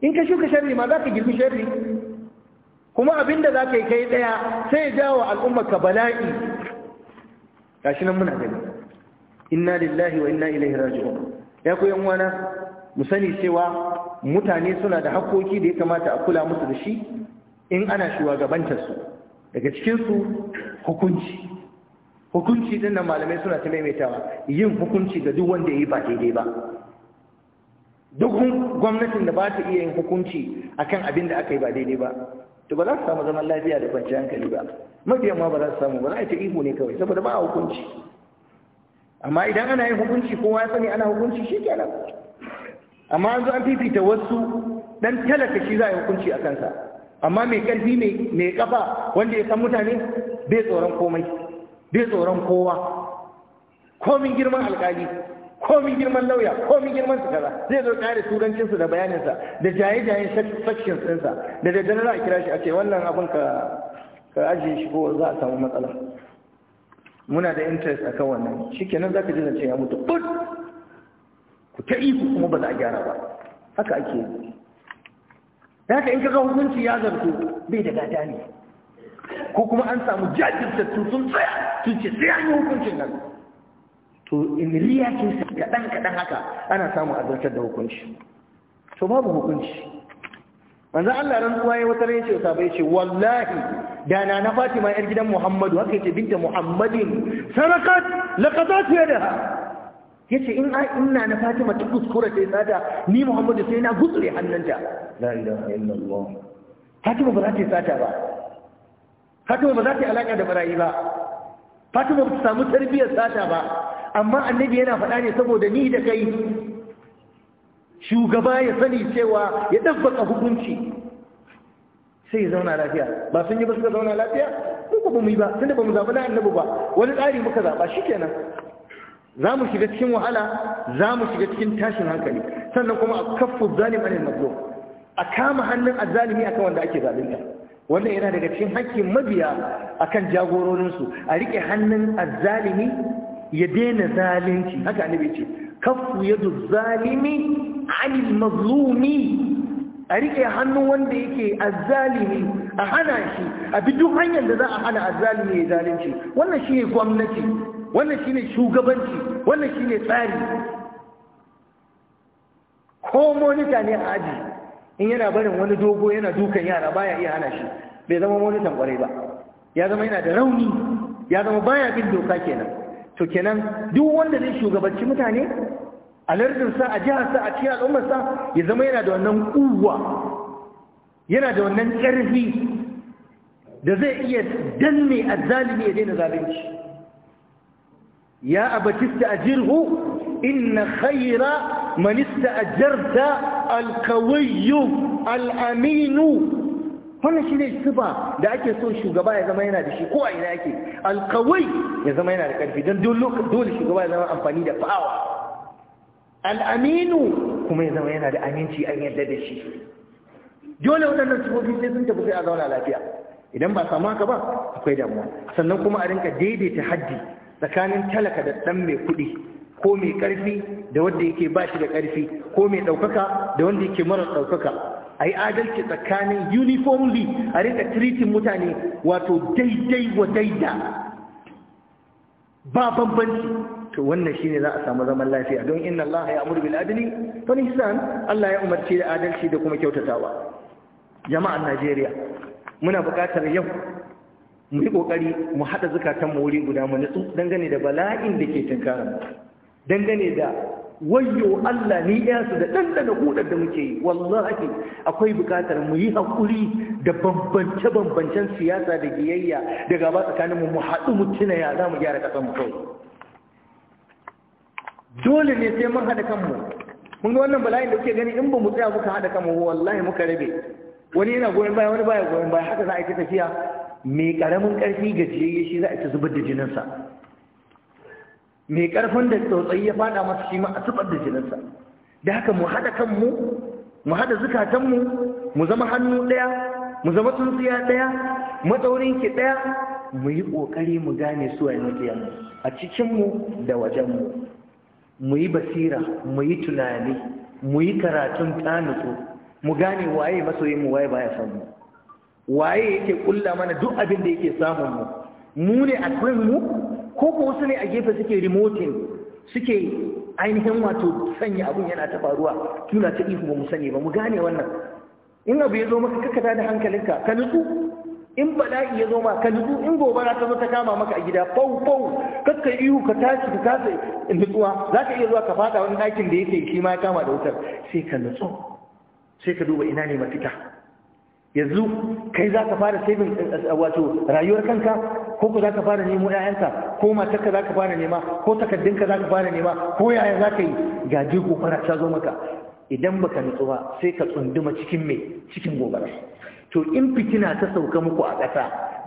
in ka shuka sharri ma za ka girbi sharri kuma abin da za ka yi kai ɗaya sai ya jawo al'ummar ka bala'i gashi nan muna gani inna lillahi wa inna ilaihi raji'un ya ku yan wana mu sani cewa mutane suna da hakkoki da ya kamata a kula musu da shi in ana shugabantar su daga cikin su hukunci hukunci din nan malamai suna ta maimaitawa yin hukunci ga duk wanda ya yi ba daidai ba duk gwamnatin da ba ta iya yin hukunci akan abin da aka yi ba daidai ba to ba za su samu zaman lafiya da kwanciyar hankali ba mafiyan ma ba za su samu ba za a ta ihu ne kawai saboda ba a hukunci amma idan ana yin hukunci kowa ya sani ana hukunci shi kenan amma an zo an fifita wasu dan talaka shi za a yi hukunci a kansa amma mai ƙarfi mai ƙafa wanda ya san mutane bai tsoron komai bai tsoron kowa komin girman alƙali komin girman lauya komin girman su kaza zai zo kare turancinsu da bayaninsa da jaye-jayen sections ɗinsa da daddare za a kira shi a ce wannan abin ka ajiye shi ko za a samu matsala muna da interest a akan wannan shikenan zaka ji zance ya mutu but ku ta iku kuma ba za a gyara ba haka ake yi haka in kaga hukunci ya zarto bai da gada ne ko kuma an samu jajirtattu sun tsaya sun ce sai an yi hukuncin nan to in riya ce kaɗan kaɗan haka ana samun azartar da hukunci to babu hukunci manzo Allah ran kuwa ya wata ran ya ce sabai ce wallahi da na na fatima yar gidan muhammadu haka yace binta muhammadin sarakat laqatat yadaha yace in ai ina na fatima ta kuskura ta tsada ni muhammadu sai na gutsure hannunta la ilaha illallah fatima ba za ta sata ba fatima ba za ta alaka da barayi ba fatima ba ta samu tarbiyyar sata ba amma annabi yana faɗa ne saboda ni da kai shugaba ya sani cewa ya dabbaka hukunci sai ya zauna lafiya ba sun yi ba suka zauna lafiya mu ba mu yi ba tunda ba mu zaɓi na annabi ba wani tsari muka zaɓa shi kenan za mu shiga cikin wahala za mu shiga cikin tashin hankali sannan kuma a kafu zalim anil mazlum a kama hannun azzalimi akan wanda ake zalunta wannan yana daga cikin hakkin mabiya akan jagororinsu a rike hannun azzalimi ya daina zalunci haka annabi ce kafu yadu zalimi anil mazlumi a riƙe hannun wanda yake azzalimi a hana shi a bi duk hanyar da za a hana azzalimi ya zalunci wannan shine gwamnati wannan shine shugabanci wannan shine tsari ko monita ne a aji in yana barin wani dogo yana dukan yara baya iya hana shi bai zama monitan kwarai ba ya zama yana da rauni ya zama baya bin doka kenan to kenan duk wanda zai shugabanci mutane a lardinsa a jiharsa a cikin al'ummarsa ya zama yana da wannan kuwa yana da wannan ƙarfi da zai iya danne azzalimi ya daina zalunci ya abatista jirhu inna khaira man ista'jarta alkawayyu alaminu wannan ne sifa da ake so shugaba ya zama yana da shi ko a ina yake alqawi ya zama yana da ƙarfi, don dole shugaba ya zama amfani da power al'aminu kuma ya zama yana da aminci an yadda da shi dole waɗannan sifofi sai sun tafi sai a zauna lafiya idan ba samu haka ba akwai damuwa sannan kuma a rinka daidaita haddi tsakanin talaka da ɗan mai kuɗi ko mai ƙarfi da wanda yake ba shi da ƙarfi ko mai ɗaukaka da wanda yake mara ɗaukaka a yi adalci tsakanin uniformly a rinka tiritin mutane wato daidai wa daida ba bambanci to wannan shi ne za a samu zaman lafiya don inna Allah ya amuru bil adli Allah ya umarci da adalci da kuma kyautatawa Jama'a Najeriya muna buƙatar yau mu yi ƙoƙari mu haɗa zukatan mu wuri guda mu nutsu dangane da bala'in da ke tinkara dangane da wayo Allah ni ɗaya su da ɗanɗana hudar da muke yi wallahi akwai buƙatar mu yi haƙuri da bambance-bambancen siyasa da giyayya da gaba tsakaninmu mu haɗu mu tuna za mu gyara ƙasar mu kawai dole ne sai mun haɗa kanmu mun ga wannan bala'in da kuke gani in ba mu tsaya muka haɗa kanmu wallahi muka rabe wani yana goyon baya wani baya goyon baya haka za a yi tafiya mai karamin karfi jiyayye shi za a ta zubar da jininsa mai karfin da tsotsayi ya fada masa shi ma a zubar da jininsa da haka mu haɗa kanmu mu haɗa zukatanmu mu zama hannu ɗaya mu zama tsuntsiya ɗaya matsaurin ki ɗaya mu yi ƙoƙari mu gane su a maƙiyan a cikinmu da wajenmu mu yi basira mu yi tunani mu yi karatun tsanuku mu gane waye masoyin mu waye baya samu waye yake kulla mana duk abin da yake samun mu mu ne a mu ko ko wasu ne a gefe suke remoting suke ainihin wato sanya abun yana ta faruwa tuna ta ihu ba mu sani ba mu gane wannan in abu ya zo maka kakka da hankalinka ka nutsu in bala'i ya zo ma ka nutsu in gobara ta zo ta kama maka a gida fau fau kakka ihu ka tashi ka kasa nutsuwa za ka iya zuwa ka fada wani ɗakin da yake shi ma ya kama da wutar sai ka nutsu sai ka duba ina ne mafita yanzu kai za ka fara saibin eh, eh, wato rayuwar kanka ko ku za ka fara nemo ƴaƴanka ko matarka za ka fara nema ko takaddunka za ka fara nema ko yaya za ka yi gaji gobara ta zo maka idan baka nutsu ba sai ka tsunduma cikin mai, cikin gobara to in fitina ta sauka muku a ƙasa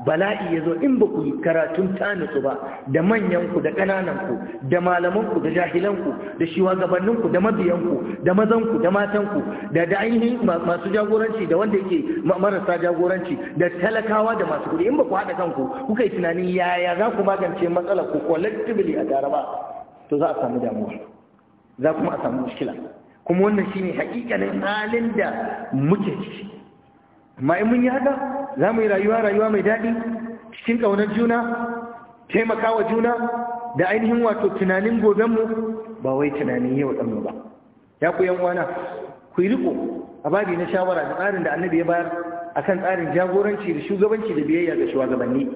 bala'i ya zo in ba ku yi karatun tanisu ba da manyanku da ƙanananku da malamanku da jahilanku da shiwagabanninku da mabiyanku da mazanku da matanku da da ainihin masu jagoranci da wanda yake marasa jagoranci da talakawa da masu kuɗi in ba ku haɗa kanku kuka yi tunanin yaya za ku magance matsalar ku collectively a jaraba. to za a samu damuwa za kuma a samu mushkila kuma wannan shine hakikanin halin da muke ciki amma in mun yi haka za mu yi rayuwa rayuwa mai daɗi cikin ƙaunar juna taimakawa juna da ainihin wato tunanin gobenmu ba wai tunanin yau ɗanmu ba ya ku yan wana ku yi riko a babi na shawara da tsarin da annabi ya bayar a kan tsarin jagoranci da shugabanci da biyayya ga shugabanni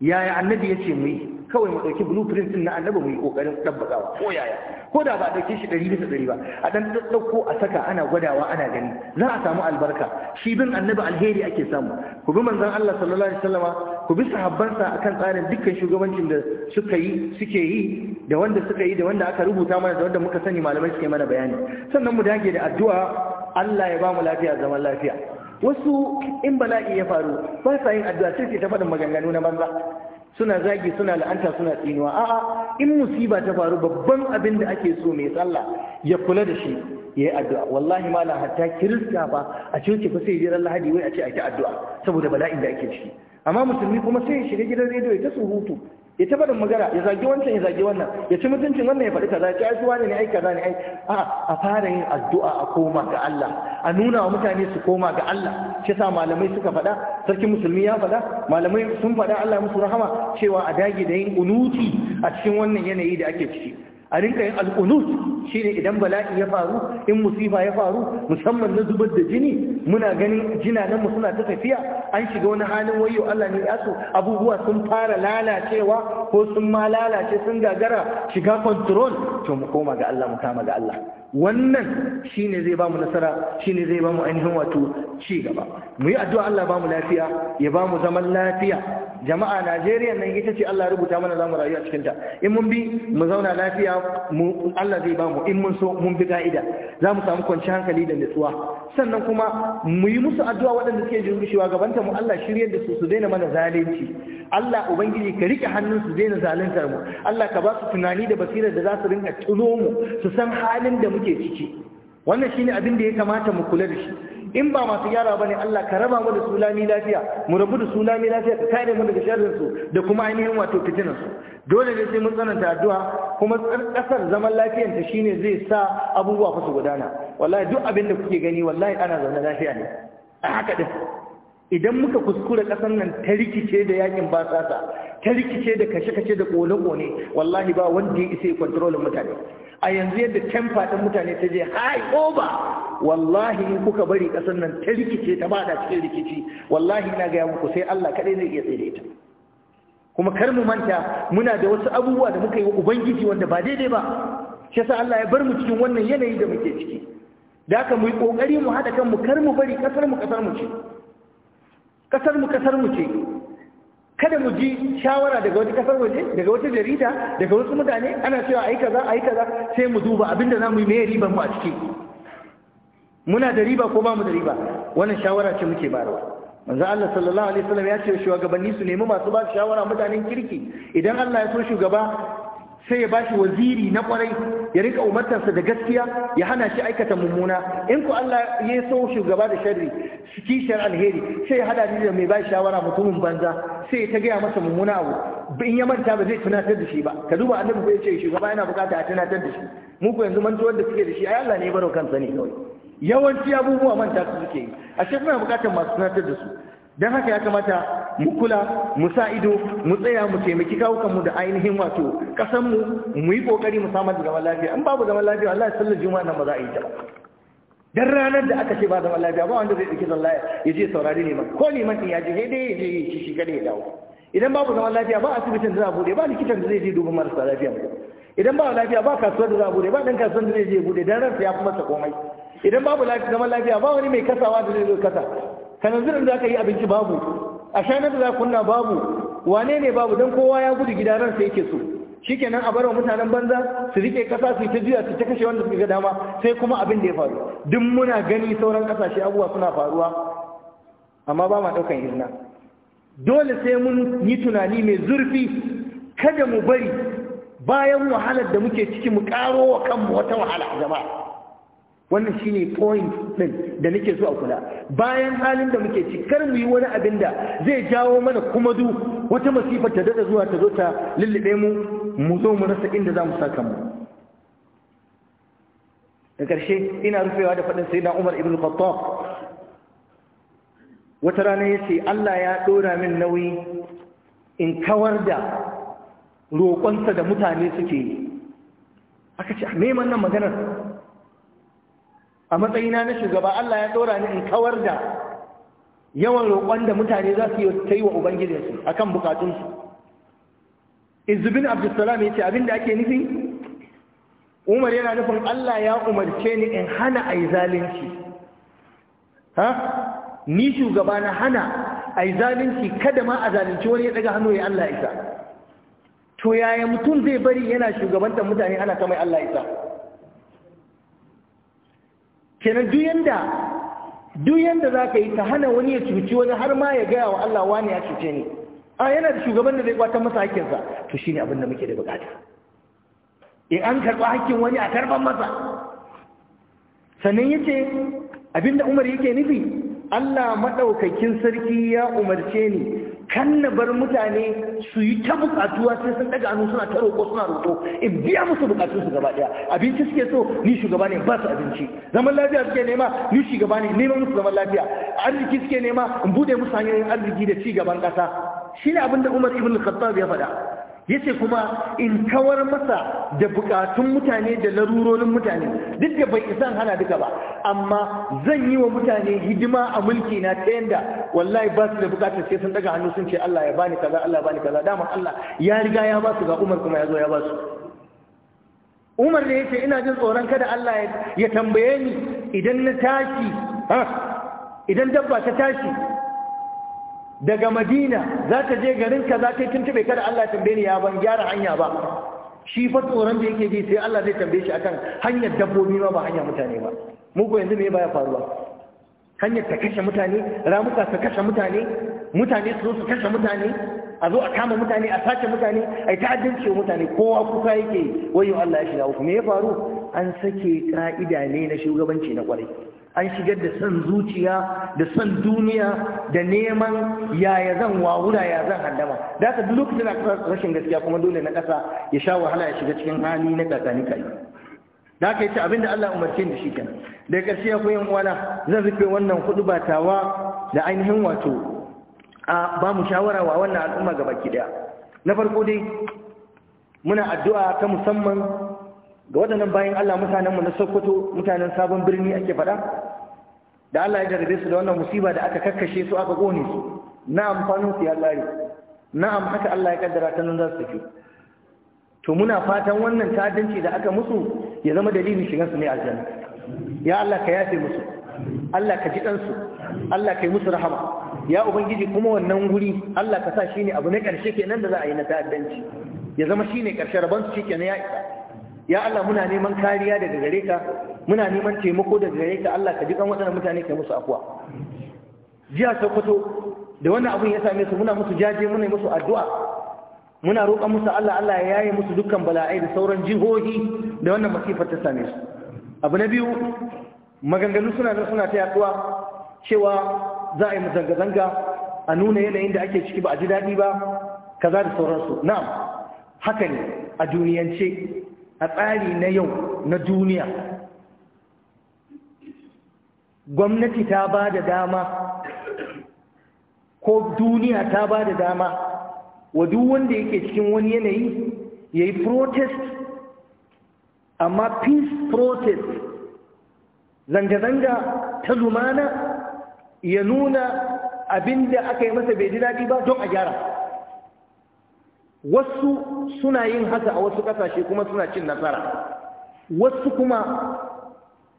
yaya annabi ya ce mu yi kawai mu ɗauki blueprint din na annabi mu yi kokarin dabbakawa ko yaya ko da ba ɗauke shi ɗari bisa ɗari ba a dan ɗauko a saka ana gwadawa ana gani za a samu albarka shi bin annabi alheri ake samu ku bi manzon Allah sallallahu alaihi wasallama ku bi sahabbansa akan tsarin dukkan shugabancin da suka yi suke yi da wanda suka yi da wanda aka rubuta mana da wanda muka sani malamai suke mana bayani sannan mu dage da addu'a Allah ya ba mu lafiya zaman lafiya wasu in bala'i ya faru ba sa yin addu'a sai ta faɗin maganganu na banza suna zagi suna la'anta suna tsinuwa a'a in musiba ta faru babban abin da ake so mai sallah ya kula da shi ya yi addu'a wallahi malam hatta kirista ba a coci fa sai jiran lahadi wai a ce a ta addu'a saboda bala'in da ake ciki amma musulmi kuma sai ya shiga gidan rediyo ya ta surutu ya ta barin magana ya zagi wancan ya zagi wannan ya ci mutuncin wannan ya faɗi kaza ya ci ai suwa ne ne ai ne ai a a fara yin addu'a a koma ga Allah a nuna wa mutane su koma ga Allah shi sa malamai suka faɗa sarkin musulmi ya faɗa malamai sun faɗa Allah musu rahama cewa a dage da yin unuti a cikin wannan yanayi da ake ciki a rinka yin al'unus, shi ne idan bala'i ya faru in musifa ya faru musamman na zubar da jini muna ganin nan suna ta tafiya an shiga wani halin wayo Allah ne ya so abubuwa sun fara lalacewa ko sun ma lalace sun gagara shiga control to mu koma ga Allah mu kama ga Allah wannan shi ne zai ba mu nasara ne zai ba mu ainihin wato ci gaba mu yi addu'a Allah ba mu lafiya ya ba mu zaman lafiya jama'a Najeriya nan ita ce Allah rubuta mana zamu rayu a cikin in mun bi mu zauna lafiya mu Allah zai ba mu in mun so mun bi ka'ida za mu samu kwanci hankali da nutsuwa sannan kuma mu yi musu addu'a waɗanda suke jin rushewa gabanta mu Allah shiryar da su su daina mana zalunci Allah ubangiji ka rike hannun su daina zaluntar mu Allah ka ba su tunani da basirar da za su rinka tuno mu su san halin da muke ciki wannan shine abin da ya kamata mu kula da shi in ba masu gyara ne Allah ka raba mu da su lami lafiya mu rabu da su lami lafiya ka kare mu daga sharrin su da kuma ainihin wato fitinan su dole ne sai mun tsananta addu'a kuma tsarkasar zaman lafiyar ta shine zai sa abubuwa fa su gudana wallahi duk abin da kuke gani wallahi ana zaune lafiya ne a haka din idan muka kuskura kasan nan ta rikice da yakin basasa ta rikice da kashe-kashe da kone-kone wallahi ba wanda ya isa ya kwantarolin mutane a yanzu yadda temper ɗin mutane ta je high over wallahi in kuka bari ƙasar nan ta rikice ta bada cikin rikici wallahi na gaya muku sai Allah kaɗai zai iya tsere ta kuma kar mu manta muna da wasu abubuwa da muka yi wa ubangiji wanda ba daidai ba shi yasa Allah ya bar mu cikin wannan yanayi da muke ciki da haka mu yi kokari mu haɗa kanmu kar mu bari ƙasar mu ƙasar mu ce ƙasar mu ƙasar mu ce kada mu ji shawara daga wata kasar waje daga wata jarida daga wasu mutane ana cewa ai kaza ai kaza sai mu duba abinda mu yi mai ribar mu a ciki muna da riba ko ba mu da riba wannan shawara ce muke bayarwa manzo Allah sallallahu alaihi wasallam ya ce shugabanni su nemi masu ba shawara mutanen kirki idan Allah ya so shugaba sai ya bashi waziri na kwarai ya rika umartarsa da gaskiya ya hana shi aikata mummuna in ku Allah ya so shugaba da sharri kishiyar alheri sai ya hada ni da mai bashi shawara mutumin banza sai ta gaya masa mummuna abu in ya manta ba zai tunatar da shi ba ka duba annabi ko ce shugaba yana bukata a tunatar da shi mu ko yanzu mantuwar wanda suke da shi ai Allah ne ya baro kansa ne kawai yawanci abubuwa manta su suke yi a shekara bukatar masu tunatar da su dan haka ya kamata mu kula mu sa ido mu tsaya mu taimaki kawukanmu da ainihin wato ƙasanmu mu yi ƙoƙari mu samar da zaman lafiya in babu zaman lafiya Allah ya sallar juma'a nan ba za a yi ta dan ranar da aka ce ba zaman lafiya ba wanda zai dauki zan laya ya je saurari neman ko neman ɗin ya je sai dai ya je shi shi kada ya dawo idan babu zaman lafiya ba asibitin da za a bude ba likitan da zai je duba marasa lafiya idan babu lafiya ba kasuwar da za a bude ba ɗan kasuwar da zai je bude don ransa ya fi masa komai idan babu zaman lafiya ba wani mai kasawa da zai zo kasa kanan zirin da aka yi abinci babu a shanar da za kunna babu wane ne babu don kowa ya gudu gida ran sai yake so shi shikenan a bar mutanen banza su rike ƙasa su yi ta juya su ta kashe wanda suke ga dama sai kuma abin da ya faru duk muna gani sauran kasashe abubuwa suna faruwa amma ba ma daukan hirna dole sai mun yi tunani mai zurfi kada mu bari bayan wahalar da muke ciki mu karo wa kanmu wata wahala jama'a wannan shine point din da nake so a kula bayan halin da muke cikar kar mu yi wani abin da zai jawo mana kuma du wata masifa ta dada zuwa ta zo ta lullube mu mu zo mu rasa inda za mu sa kanmu da ƙarshe ina rufewa da faɗin sayyidina Umar ibn Khattab wata rana yace Allah ya dora min nauyi in kawar da roƙonsa da mutane suke yi aka ce me nan maganar a matsayina na shugaba Allah ya dora ni in kawar da yawan roƙon da mutane za su ta yi wa ubangijinsu akan bukatunsu izubin abdulsalam ya ce abin da ake nufi umar yana nufin Allah ya umarce ni in hana a yi zalunci ha ni shugaba na hana a yi zalunci kada ma a zalunci wani ya daga hannu ya Allah isa to yaya mutum zai bari yana shugabantar mutane ana ta mai Allah isa kenan duk yanda duk yanda zaka yi ta hana wani ya cuci wani har ma ya gaya wa Allah wani ya cuce ni a yana da shugaban da zai kwata masa hakkinsa to shine abin da muke da bukata in e, an karɓa hakkin wani a karban masa sannan yace abinda Umar yake nufi Allah maɗaukakin sarki ya umarce ni kan na bar mutane su yi ta bukatuwa sai sun daga hannu suna ta roƙo suna roƙo in biya musu bukatu su gaba daya abinci suke so ni shugaba ne ba su abinci zaman lafiya suke nema ni shugaba ne neman musu zaman lafiya arziki suke nema in bude musu hanyoyin arziki da ci gaban ƙasa shine abin da Umar ibn Khattab ya faɗa yace kuma in kawar masa da bukatun mutane da larurorin mutane duk da bai isan hana duka ba amma zan yi wa mutane hidima a mulki na ta yanda wallahi ba su da bukatar sai sun daga hannu sun ce Allah ya bani kaza Allah ya bani kaza dama Allah ya riga ya ba su ga Umar kuma ya zo ya ba su Umar ne yace ina jin tsoron kada Allah ya tambaye ni idan na tashi ha, idan dabba ta tashi daga madina za ka je garin ka za ka yi tuntube kada Allah tambaye ni ya ban gyara hanya ba shi fa tsoron da yake bi sai Allah zai tambaye shi akan hanyar dabbobi ba ba hanyar mutane ba mu ko yanzu me baya faruwa hanyar ta kashe mutane ramuka ta kashe mutane mutane su su kashe mutane a zo a kama mutane a sace mutane a yi ta'addanci wa mutane kowa kuka yake wayo Allah ya shiga uku me ya faru an sake ka'ida ne na shugabanci na kwarai an shigar da son zuciya da son duniya da neman yaya zan wawura ya zan haddama da haka duk lokacin da aka rashin gaskiya kuma dole na kasa ya sha wahala ya shiga cikin hali na tsakani kai da haka yace abinda Allah umarce da shi kenan da karshe ya koyan uwana zan rufe wannan hudu tawa da ainihin wato a ba mu shawara wa wannan al'umma gaba ki daya na farko dai muna addu'a ta musamman ga waɗannan bayan Allah mutanenmu na Sokoto mutanen sabon birni ake faɗa da Allah ya jarabe su da wannan musiba da aka kakkashe su aka ƙone su na amfanin su ya Na na'am haka Allah ya kaddara ta nan za su tafi to muna fatan wannan ta'addanci da aka musu ya zama dalilin shigan su ne aljanna ya Allah ka yafe musu Allah ka ji dan su Allah ka yi musu rahama ya ubangiji kuma wannan guri Allah ka sa shine abu na ƙarshe kenan da za a yi na ta'addanci ya zama shine ƙarshe su shikenan ya isa ya Allah muna neman kariya daga gare ka muna neman taimako daga gare ka Allah ka ji kan waɗannan mutane ka musu afuwa jiya Sokoto da wannan abun ya same su muna musu jaje muna musu addu'a muna roƙon musu Allah Allah ya yaye musu dukkan bala'ai da sauran jihohi da wannan masifar ta same su abu na biyu maganganu suna nan suna ta yaduwa cewa za a yi zanga-zanga a nuna yanayin da ake ciki ba a ji daɗi ba kaza da sauransu na'am haka ne a duniyance a tsari na yau na duniya gwamnati ta ba da dama ko duniya ta ba da dama wa duk wanda yake cikin wani yanayi ya yi protest amma peace protest zanga-zanga ta lumana ya nuna abin da aka yi masa bai ji daɗi ba don a gyara wasu suna yin haka a wasu ƙasashe kuma suna cin nasara wasu kuma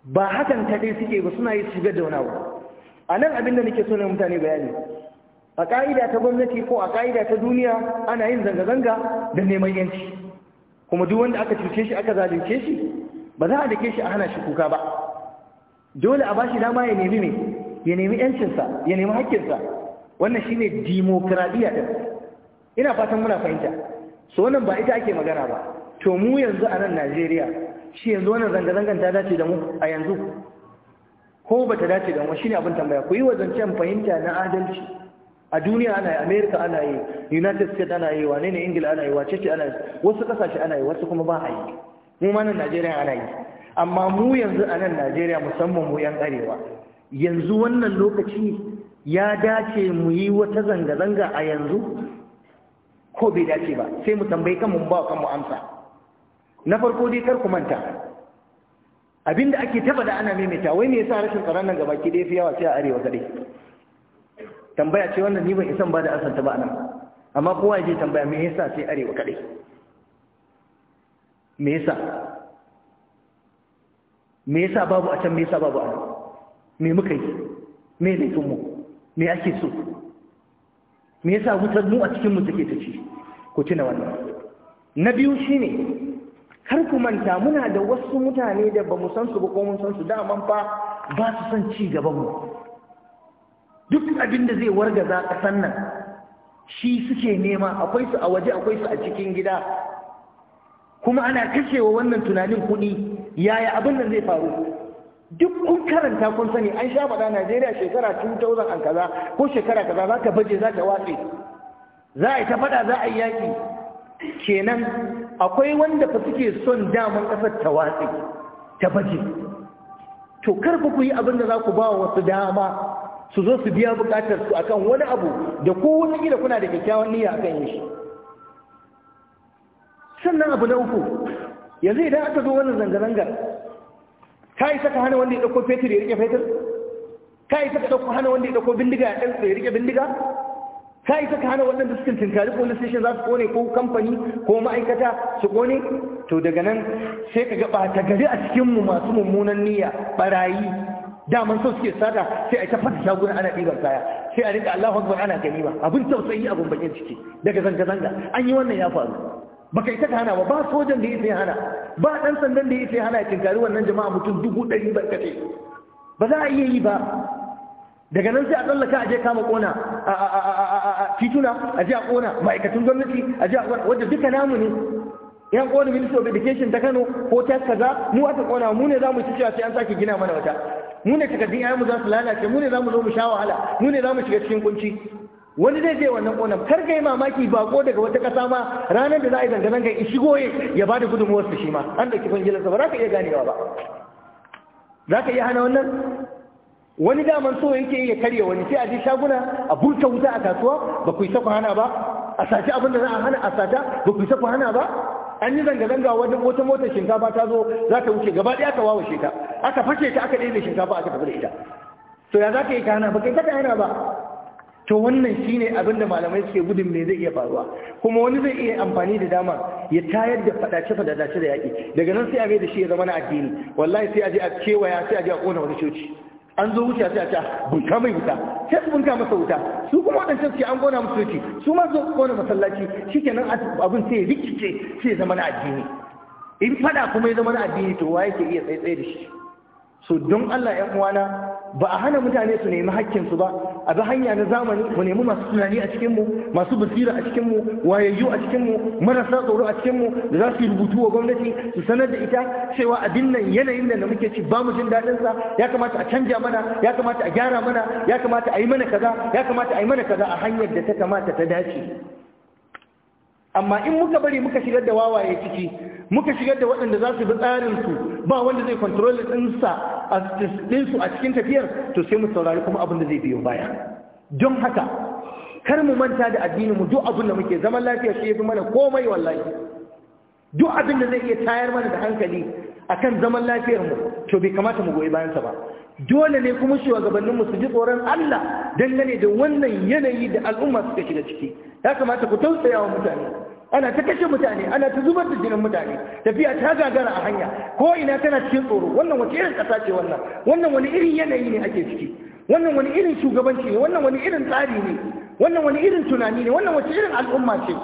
ba hakan kaɗai suke ba suna yi shiga da wani abu a nan abinda nake so na mutane bayani a ƙa'ida ta gwamnati ko a ƙa'ida ta duniya ana yin zanga-zanga da neman yanci kuma duk wanda aka cuce shi aka zalunce shi ba za a dake shi a hana shi kuka ba dole a bashi dama ya nemi ne ya nemi yancinsa ya nemi haƙƙinsa wannan shine dimokuraɗiyya ɗin ina fatan muna fahimta so wannan ba ita ake magana ba to mu yanzu a nan Najeriya shi yanzu wannan zanga-zangan ta dace da mu a yanzu ko ba ta dace da mu shine abin tambaya ku yi wazancen fahimta na adalci a duniya ana yi America ana yi United States ana yi wane ne Ingila ana yi wace ce ana yi wasu kasashe ana yi wasu kuma ba a yi mu ma nan Najeriya ana yi amma mu yanzu a nan Najeriya musamman mu yan arewa yanzu wannan lokaci ya dace mu yi wata zanga-zanga a yanzu ko bai dace ba sai mu tambayi kan mu ba mu amsa na farko dai kar ku manta abinda ake taba da ana maimaita wai me yasa rashin tsaron nan gabaki da yawa sai a arewa kadai tambaya ce wannan ni ban isan ba da asanta ba anan amma kowa ya je tambaya me yasa sai arewa kadai me yasa me yasa babu a can me yasa babu a nan me muka yi me ne mu me ake so me yasa wutar mu a cikin mu take ta ci ku tuna wannan na biyu shine kar ku manta muna da wasu mutane da ba mu san su ba ko mun san su daman fa ba su san ci gaban mu duk abin da zai wargaza ƙasar nan shi suke nema akwai su a waje akwai su a cikin gida kuma ana kashewa wannan tunanin kuɗi yaya abin nan zai faru duk kun karanta kun sani an sha faɗa Najeriya shekara 2000 an kaza ko shekara kaza za ta baje za ta watse za a yi ta faɗa za a yi yaƙi kenan akwai wanda fa suke son daman ƙasar ta watse ta baje to kar ku yi abin da za ku ba wasu dama su zo su biya buƙatar su akan wani abu da ko wani gida kuna da kyakkyawan niyya akan shi sannan abu na uku yanzu idan aka zo wannan zanga-zangar kai saka hana wanda ya dauko fetur ya rike fetur kai saka dauko hana wanda ya dauko bindiga ya dauko ya rike bindiga kai saka hana hana da suka tinkari na station za su kone ko kamfani ko ma'aikata su kone to daga nan sai ka ga ta gari a cikinmu masu mummunan niyya barayi daman so suke sada sai a ta fata shaguna ana ɗiban kaya sai a rika Allahu Akbar ana gani ba. abin tausayi abun bakin ciki daga zanga-zanga an yi wannan ya faru ba kai ta hana ba ba sojan da ya hana ba dan sandan da ya hana ya gari wannan jama'a mutum dubu ɗari barkace ba za a iya yi ba daga nan sai a tsallaka a je kama kona a tituna a je a kona ma'aikatan gwamnati a je a kona wanda duka namu ne yan kona ministry of education ta kano ko ta kaza mu aka kona mu ne za mu ci cewa sai an sake gina mana wata mu ne takardun 'ya'yanmu za su lalace mu ne za mu zo mu sha wahala mu ne za mu shiga cikin kunci wani zai je wannan ƙonan kar ka yi mamaki bako daga wata ƙasa ma ranar da za a yi zanga-zanga in shigo ya ba da gudunmuwar su shi ma an ɗauki kwangilarsa ba za ka iya ganewa ba za ka iya hana wannan wani daman so yake ya karya wani sai a je shaguna a burta wuta a kasuwa ba ku yi saku hana ba a sace abin da za a hana a sata ba ku yi saku hana ba an yi zanga-zanga wajen wata motar shinkafa ta zo za ta wuce gaba ɗaya ka wawashe ta aka fashe ta aka ɗaya shinkafa aka tafi da ita to ya za ka yi ka hana ba kai ka hana ba to wannan shine abin da malamai suke gudun mai zai iya faruwa kuma wani zai iya amfani da dama ya tayar da fadace fadace da yaƙi daga nan sai a mai da shi ya zama na addini wallahi sai a je a kewaya sai a je a kona wani coci an zo wuce sai a ce ah, bunka mai wuta sai su bunka masa wuta su kuma waɗancan suke an gona musu coci su ma zo kona masallaci nan abin sai ya rikice sai ya zama na addini in fada kuma ya zama na addini to wa yake iya tsaitsaye da shi so don Allah ƴan uwana ba a hana mutane su nemi hakkin su ba a bi hanya na zamani mu nemi masu tunani a cikinmu masu basira a cikinmu wayayyu a cikinmu marasa tsoro a cikin mu da za su yi rubutu wa gwamnati su sanar da ita cewa abin nan yanayin da muke ci ba mu jin daɗin sa ya kamata a canja mana ya kamata a gyara mana ya kamata a yi mana kaza ya kamata a yi mana kaza a hanyar da ta kamata ta dace amma in muka bari muka shigar da wawaye ciki muka shigar da waɗanda za su bi tsarin su ba wanda zai kontrol ɗinsa a ɗinsu a cikin tafiyar to sai mu saurari kuma abin da zai biyo baya don haka kar mu manta da addinin mu duk abin da muke zaman lafiya shi ya fi mana komai wallahi duk abin da zai iya tayar mana da hankali akan zaman lafiyar mu to bai kamata mu goyi bayan sa ba dole ne kuma mu su ji tsoron Allah dangane da wannan yanayi da al'umma suka shiga ciki ya kamata ku tausaya wa mutane ana ta kashe mutane ana ta zubar da jinin mutane tafiya ta gagara a hanya ko ina tana cikin tsoro wannan wace irin ƙasa ce wannan wannan wani irin yanayi ne ake ciki wannan wani irin shugabanci ne wannan wani irin tsari ne wannan wani irin tunani ne wannan wace irin al'umma ce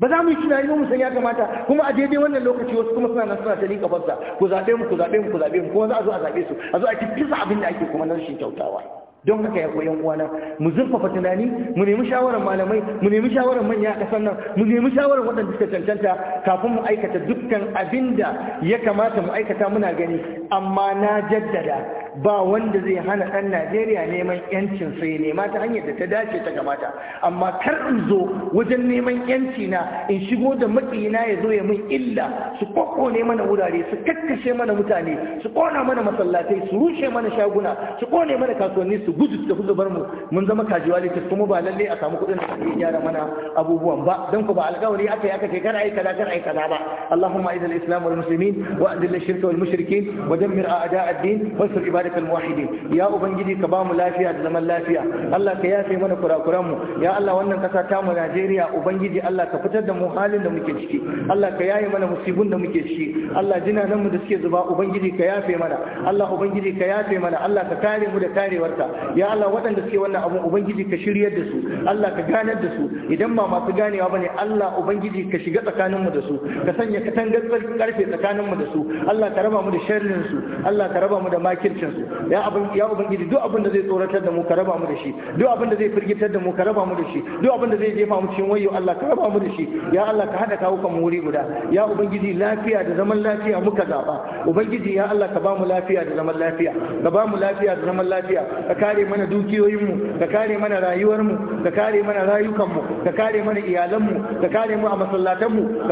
ba za mu yi tunani mu san ya kamata kuma a daidai wannan lokaci wasu kuma suna nan suna ta liƙa ku zaɓe mu ku zaɓe mu ku zaɓe mu kuma za a zo a zaɓe su a zo a kifisa abin da ake kuma na rashin kyautawa don haka ya koyan uwana mu zurfafa tunani mu nemi shawarar malamai mu nemi shawarar manya a kasar nan mu nemi shawarar waɗanda suka cancanta kafin mu aikata dukkan abin da ya kamata mu aikata muna gani amma na jaddada ba wanda zai hana ɗan najeriya neman yancin sai nema ta hanyar da ta dace ta gamata amma kar in zo wajen neman yanci na in shigo da maƙina ya zo ya min illa su ne mana wurare su kakkashe mana mutane su kona mana masallatai su rushe mana shaguna su kone mana kasuwanni su gudu su tafi bar mu mun zama kajiwa da kuma ba lallai a samu kuɗin da zai gyara mana abubuwan ba don ku ba alƙawari aka yi aka kai kar yi kaza kar yi kaza ba Allahumma idil islam wal muslimin wa adil shirka wal mushrikin ودمر Ya الدين ka bamu lafiya da zaman lafiya. لافيا زمن yafe الله كيافي من كرا كرامو يا الله وانا كتاتامو نيجيريا أبنجدي fitar da mu halin da muke ciki Allah ka yaye mana musibun da muke ciki Allah jina nan mu da suke zuba ubangiji ka yafe mana Allah ubangiji ka yafe mana Allah ka kare mu da karewarka ya Allah waɗanda suke wannan abun ubangiji ka shirya da su Allah ka ganar da su idan ba masu ganewa bane Allah ubangiji ka shiga tsakanin mu da su ka sanya katangar karfe tsakanin mu da su Allah ka raba mu da sharrin makircinsu Allah ka raba mu da su, ya abin ya duk abin da zai tsoratar da mu ka raba mu da shi duk abin da zai firgitar da mu ka raba mu da shi duk abin da zai jefa mu cikin wayo Allah ka raba mu da shi ya Allah ka hada kawo mu wuri guda ya ubangiji lafiya da zaman lafiya muka zaba ubangiji ya Allah ka ba mu lafiya da zaman lafiya ka ba mu lafiya da zaman lafiya ka kare mana dukiyoyinmu ka kare mana mu, ka kare mana rayukanmu ka kare mana iyalanmu ka kare mu a mu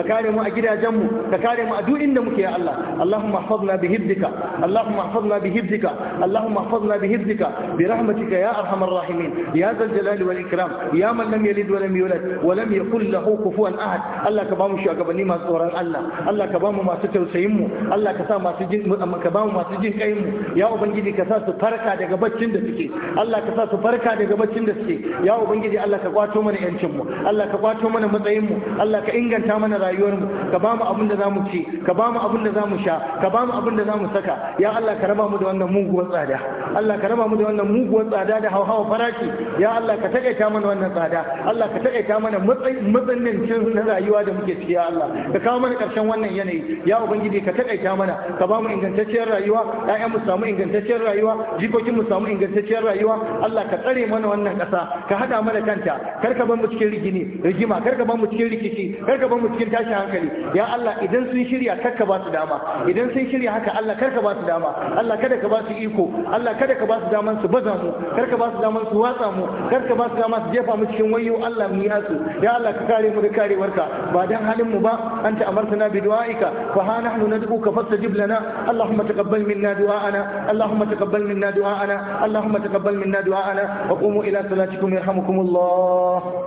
ka kare mu a gidajenmu ka kare mu a duk inda muke ya Allah Allahumma hafazna bi بحفظك اللهم احفظنا بحفظك اللهم احفظنا بحفظك برحمتك يا أرحم الراحمين يا ذا الجلال والإكرام يا من لم يلد ولم يولد ولم يكن له كفوا أحد الله كبام شاكبني ما سوران الله الله كبام ما ستوسيمه الله كسام ما سجن كبام ما سجن كيمه يا أبنجي كساس فركة دقبتشن دسكي الله كساس فركة دقبتشن دسكي يا أبنجي الله كقواتو من ينشمه الله كقواتو من مطعمه الله كإنغان تامن رايورمه كبام أبن دامو شي كبام أبن دامو شا كبام أبن دامو saka ya Allah ka raba mu da wannan muguwar tsada Allah ka raba mu da wannan muguwar tsada da hauhawa farashi ya Allah ka takaita mana wannan tsada Allah ka takaita mana matsanancin na rayuwa da muke ciki ya Allah ka kawo mana karshen wannan yanayi ya ubangiji ka takaita mana ka ba mu ingantacciyar rayuwa ƴaƴan mu samu ingantacciyar rayuwa jikokin mu samu ingantacciyar rayuwa Allah ka tsare mana wannan ƙasa ka hada mana kanta kar ka bar mu cikin rigini rigima kar ka bar mu cikin rikici kar ka bar mu cikin tashin hankali ya Allah idan sun shirya kar ba su dama idan sun shirya haka Allah ka ba su dama Allah kada ka ba su iko Allah kada ka ba su daman su baza mu karka ba su daman su watsa mu karka ba su dama su jefa mu cikin wayo Allah mu ya su ya Allah ka kare mu da karewarka ba dan halin mu ba anta amartana bi du'aika fa ha nahnu nad'uka fastajib lana Allahumma taqabbal minna du'aana Allahumma taqabbal minna du'aana Allahumma taqabbal minna du'aana wa qumu ila salatikum yarhamukumullah